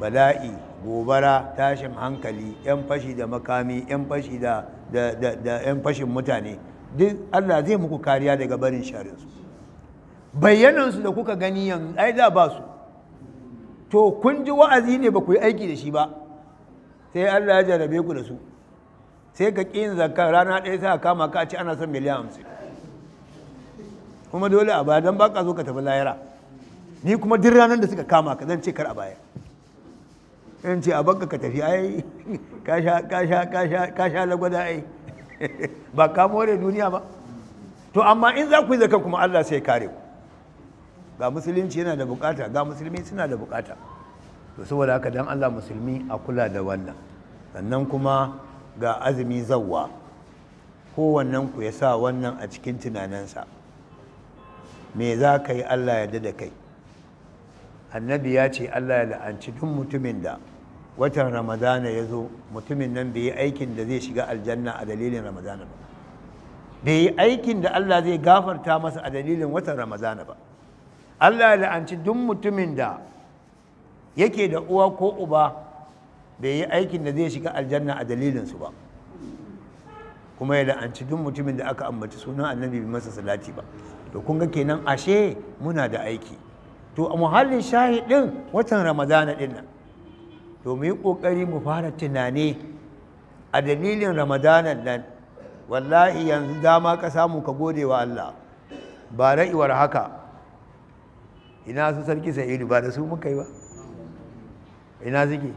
bala'i gobara tashin hankali 'yan fashi da makami 'yan fashi da 'yan fashin mutane duk allah zai muku kariya daga barin sharinsu bayyanansu da kuka gani yanzu ai da ba su to kun ji wa'azi ne ba ku yi aiki da shi ba sai allah ya jarabe ku da su sai ka yin zakka rana ɗaya sai a kama ka ci ana son miliyan hamsin kuma dole a baya don baka zo ka tafi layara ni kuma duk ranar da suka kama ka zan ce kar a baya in ce a baka ka tafi ai ka sha lagwada ai [laughs] ba ka more duniya ba to amma in za ku yi zaka kuma Allah sai kare ku ga musulunci yana da bukata ga musulmi suna da bukata to saboda haka dan Allah musulmi a kula da wannan sannan kuma ga azumi zawwa kowannen ku ya sa wannan a cikin tunaninsa me za ka yi Allah ya da kai annabi ya ce Allah ya la'anci duk mutumin da watan ramadana ya zo mutumin nan bai yi aikin da zai shiga aljanna a dalilin ramadana ba bai yi aikin da Allah zai gafarta masa a dalilin watan ramadana ba Allah ya la'anci duk mutumin da yake da uwa ko uba bai yi aikin da zai shiga aljanna a dalilinsu ba kuma ya la'anci duk mutumin da aka ambaci sunan annabi bi masa salati ba to kun ga kenan ashe muna da aiki to a muhallin shahi din watan ramadana din nan to mu yi kokari mu fara tunani a dalilin ramadanan nan wallahi yanzu dama ka samu ka gode wa Allah ba ra'iwar haka ina su sarki sa'idu ba da su muka yi ba ina suke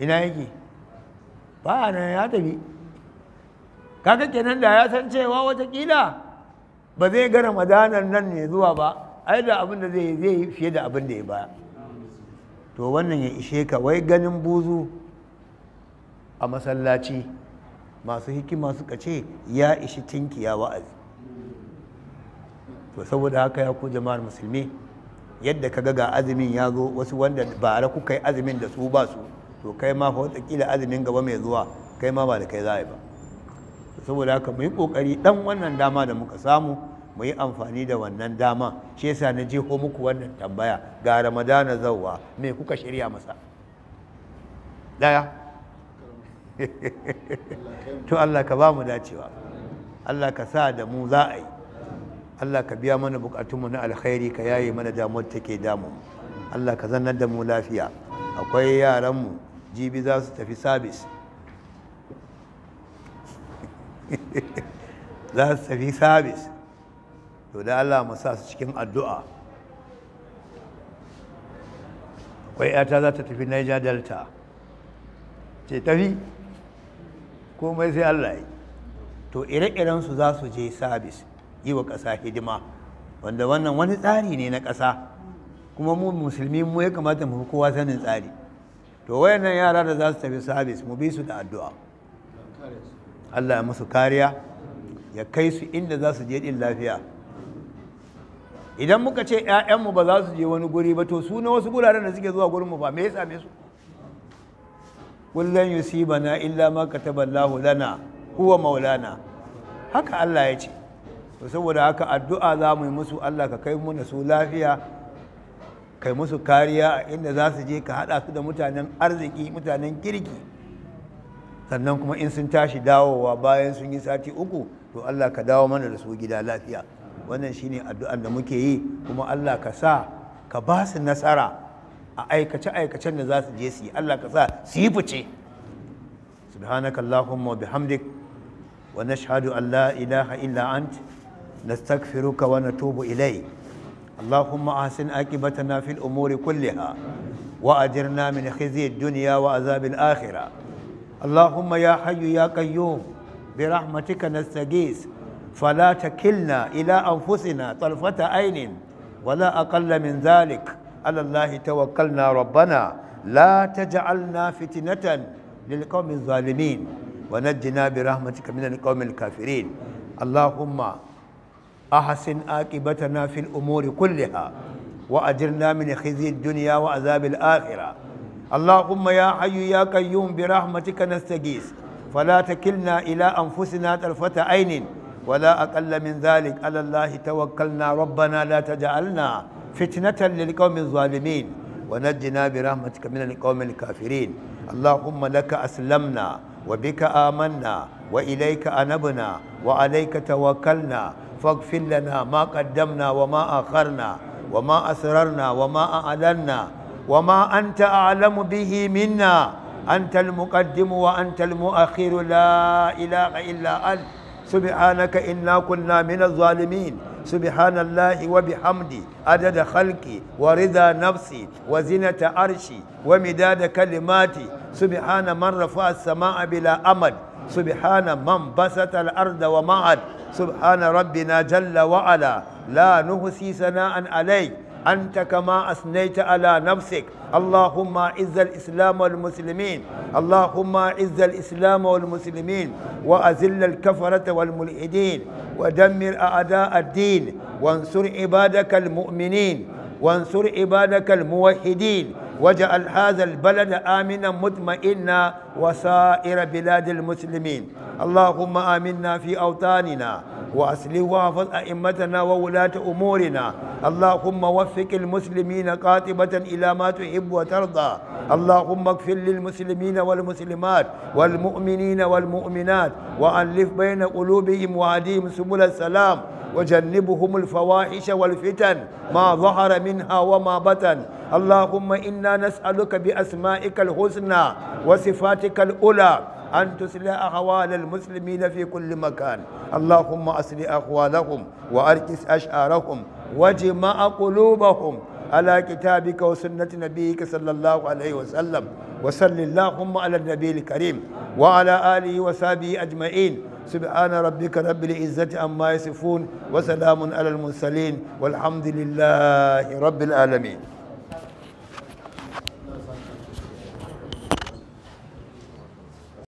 ina yake ba nan ya tafi kaga kenan da ya san cewa kila ba zai ga ramadanan nan ne zuwa ba ai da abin da zai zai yi fiye da abin da ya baya to wannan ya ishe ka wai ganin buzu a masallaci masu hikima suka ce ya ishi ya wa'azi to saboda haka ya ku jama'ar musulmi yadda ka ga azumin ya zo wasu wanda bara kuka yi azumin da su ba su to kai ma fa wata azumin gaba mai zuwa kai ma ba da kai za ba saboda haka mu yi ƙoƙari ɗan wannan dama da muka samu mu yi amfani da wannan dama shi yasa na jeho muku wannan tambaya ga ramadana zawwa me kuka shirya masa daya [laughs] to Allah ka ba mu dacewa Allah ka sa da mu za a yi Allah ka biya mana bukatunmu na alkhairi ka yaye mana damuwar take damu Allah ka zannar da mu lafiya akwai yaranmu jibi za su tafi sabis [laughs] za su tafi sabis to da Allah mu sa su cikin addu'a akwai yata za ta tafi Niger Delta ce tafi komai sai Allah yi to ire-iren su za su je sabis yi wa ƙasa hidima wanda wannan wani tsari ne na ƙasa kuma mu musulmi mu ya kamata mu kowa sanin tsari to wayannan yara da za su tafi sabis mu bi su da addu'a Allah ya musu kariya ya kai su inda za su je din lafiya idan muka ce 'ya'yanmu ba za su je wani guri ba to su na wasu guraren da suke zuwa gurinmu ba me ya same su kullum bana illa ma kataballahu lana huwa maulana haka Allah ya ce to saboda haka addu'a za mu yi musu Allah ka kai mu su lafiya kai musu kariya inda za su je ka haɗa su da mutanen arziki mutanen kirki sannan kuma in sun tashi dawowa bayan sun yi sati uku to Allah ka dawo mana da su gida lafiya wannan shine addu'an da muke yi kuma Allah ka sa ka ba su nasara a aikace aikacen da za su je su yi Allah ka sa su yi fice subhanakallahumma wa bihamdik wa nashhadu an la ilaha illa ant نستغفرك ونتوب إليك اللهم أحسن Kulliha, في الأمور كلها وأجرنا من خزي الدنيا وعذاب الآخرة اللهم يا حي يا قيوم برحمتك نستغيث فلا تكلنا إلى أنفسنا طرفة عين ولا أقل من ذلك على الله توكلنا ربنا لا تجعلنا فتنة للقوم الظالمين ونجنا برحمتك من القوم الكافرين اللهم أحسن عاقبتنا في الأمور كلها وأجرنا من خزي الدنيا وعذاب الآخرة اللهم يا حي يا قيوم برحمتك نستغيث فلا تكلنا إلى أنفسنا طرفة عين ولا أقل من ذلك على الله توكلنا ربنا لا تجعلنا فتنة للقوم الظالمين ونجنا برحمتك من القوم الكافرين اللهم لك أسلمنا وبك آمنا وإليك أنبنا وعليك توكلنا فاغفر لنا ما قدمنا وما آخرنا وما أسررنا وما أعلنا وما أنت أعلم به منا أنت المقدم وأنت المؤخر لا إله إلا أنت سبحانك إنا كنا من الظالمين سبحان الله وبحمدي عدد خلقي ورضا نفسي وزنة عرشي ومداد كلماتي سبحان من رفع السماء بلا أمد سبحان من بسط الأرض ومعد سبحان ربنا جل وعلا لا نهسي ثناء عليه أنت كما أثنيت على نفسك اللهم عز الإسلام والمسلمين اللهم عز الإسلام والمسلمين وأذل الكفرة والملحدين ودمر أعداء الدين وانصر عبادك المؤمنين وانصر عبادك الموحدين واجعل هذا البلد آمنا مطمئنا وسائر بلاد المسلمين اللهم آمنا في أوطاننا وأصلح وافض أئمتنا وولاة أمورنا اللهم وفق المسلمين قاطبة إلى ما تحب وترضى اللهم اغفر للمسلمين والمسلمات والمؤمنين والمؤمنات وألف بين قلوبهم وعديم سبل السلام وجنبهم الفواحش والفتن ما ظهر منها وما بطن اللهم إنا نسألك بأسمائك الحسنى وصفاتك الأولى أن تسلع أحوال المسلمين في كل مكان اللهم أسلع أحوالهم وأركس أشعارهم وجمع قلوبهم على كتابك وسنة نبيك صلى الله عليه وسلم وصل اللهم على النبي الكريم وعلى آله وصحبه أجمعين سبحان ربك رب العزة عما يصفون وسلام على المرسلين والحمد لله رب العالمين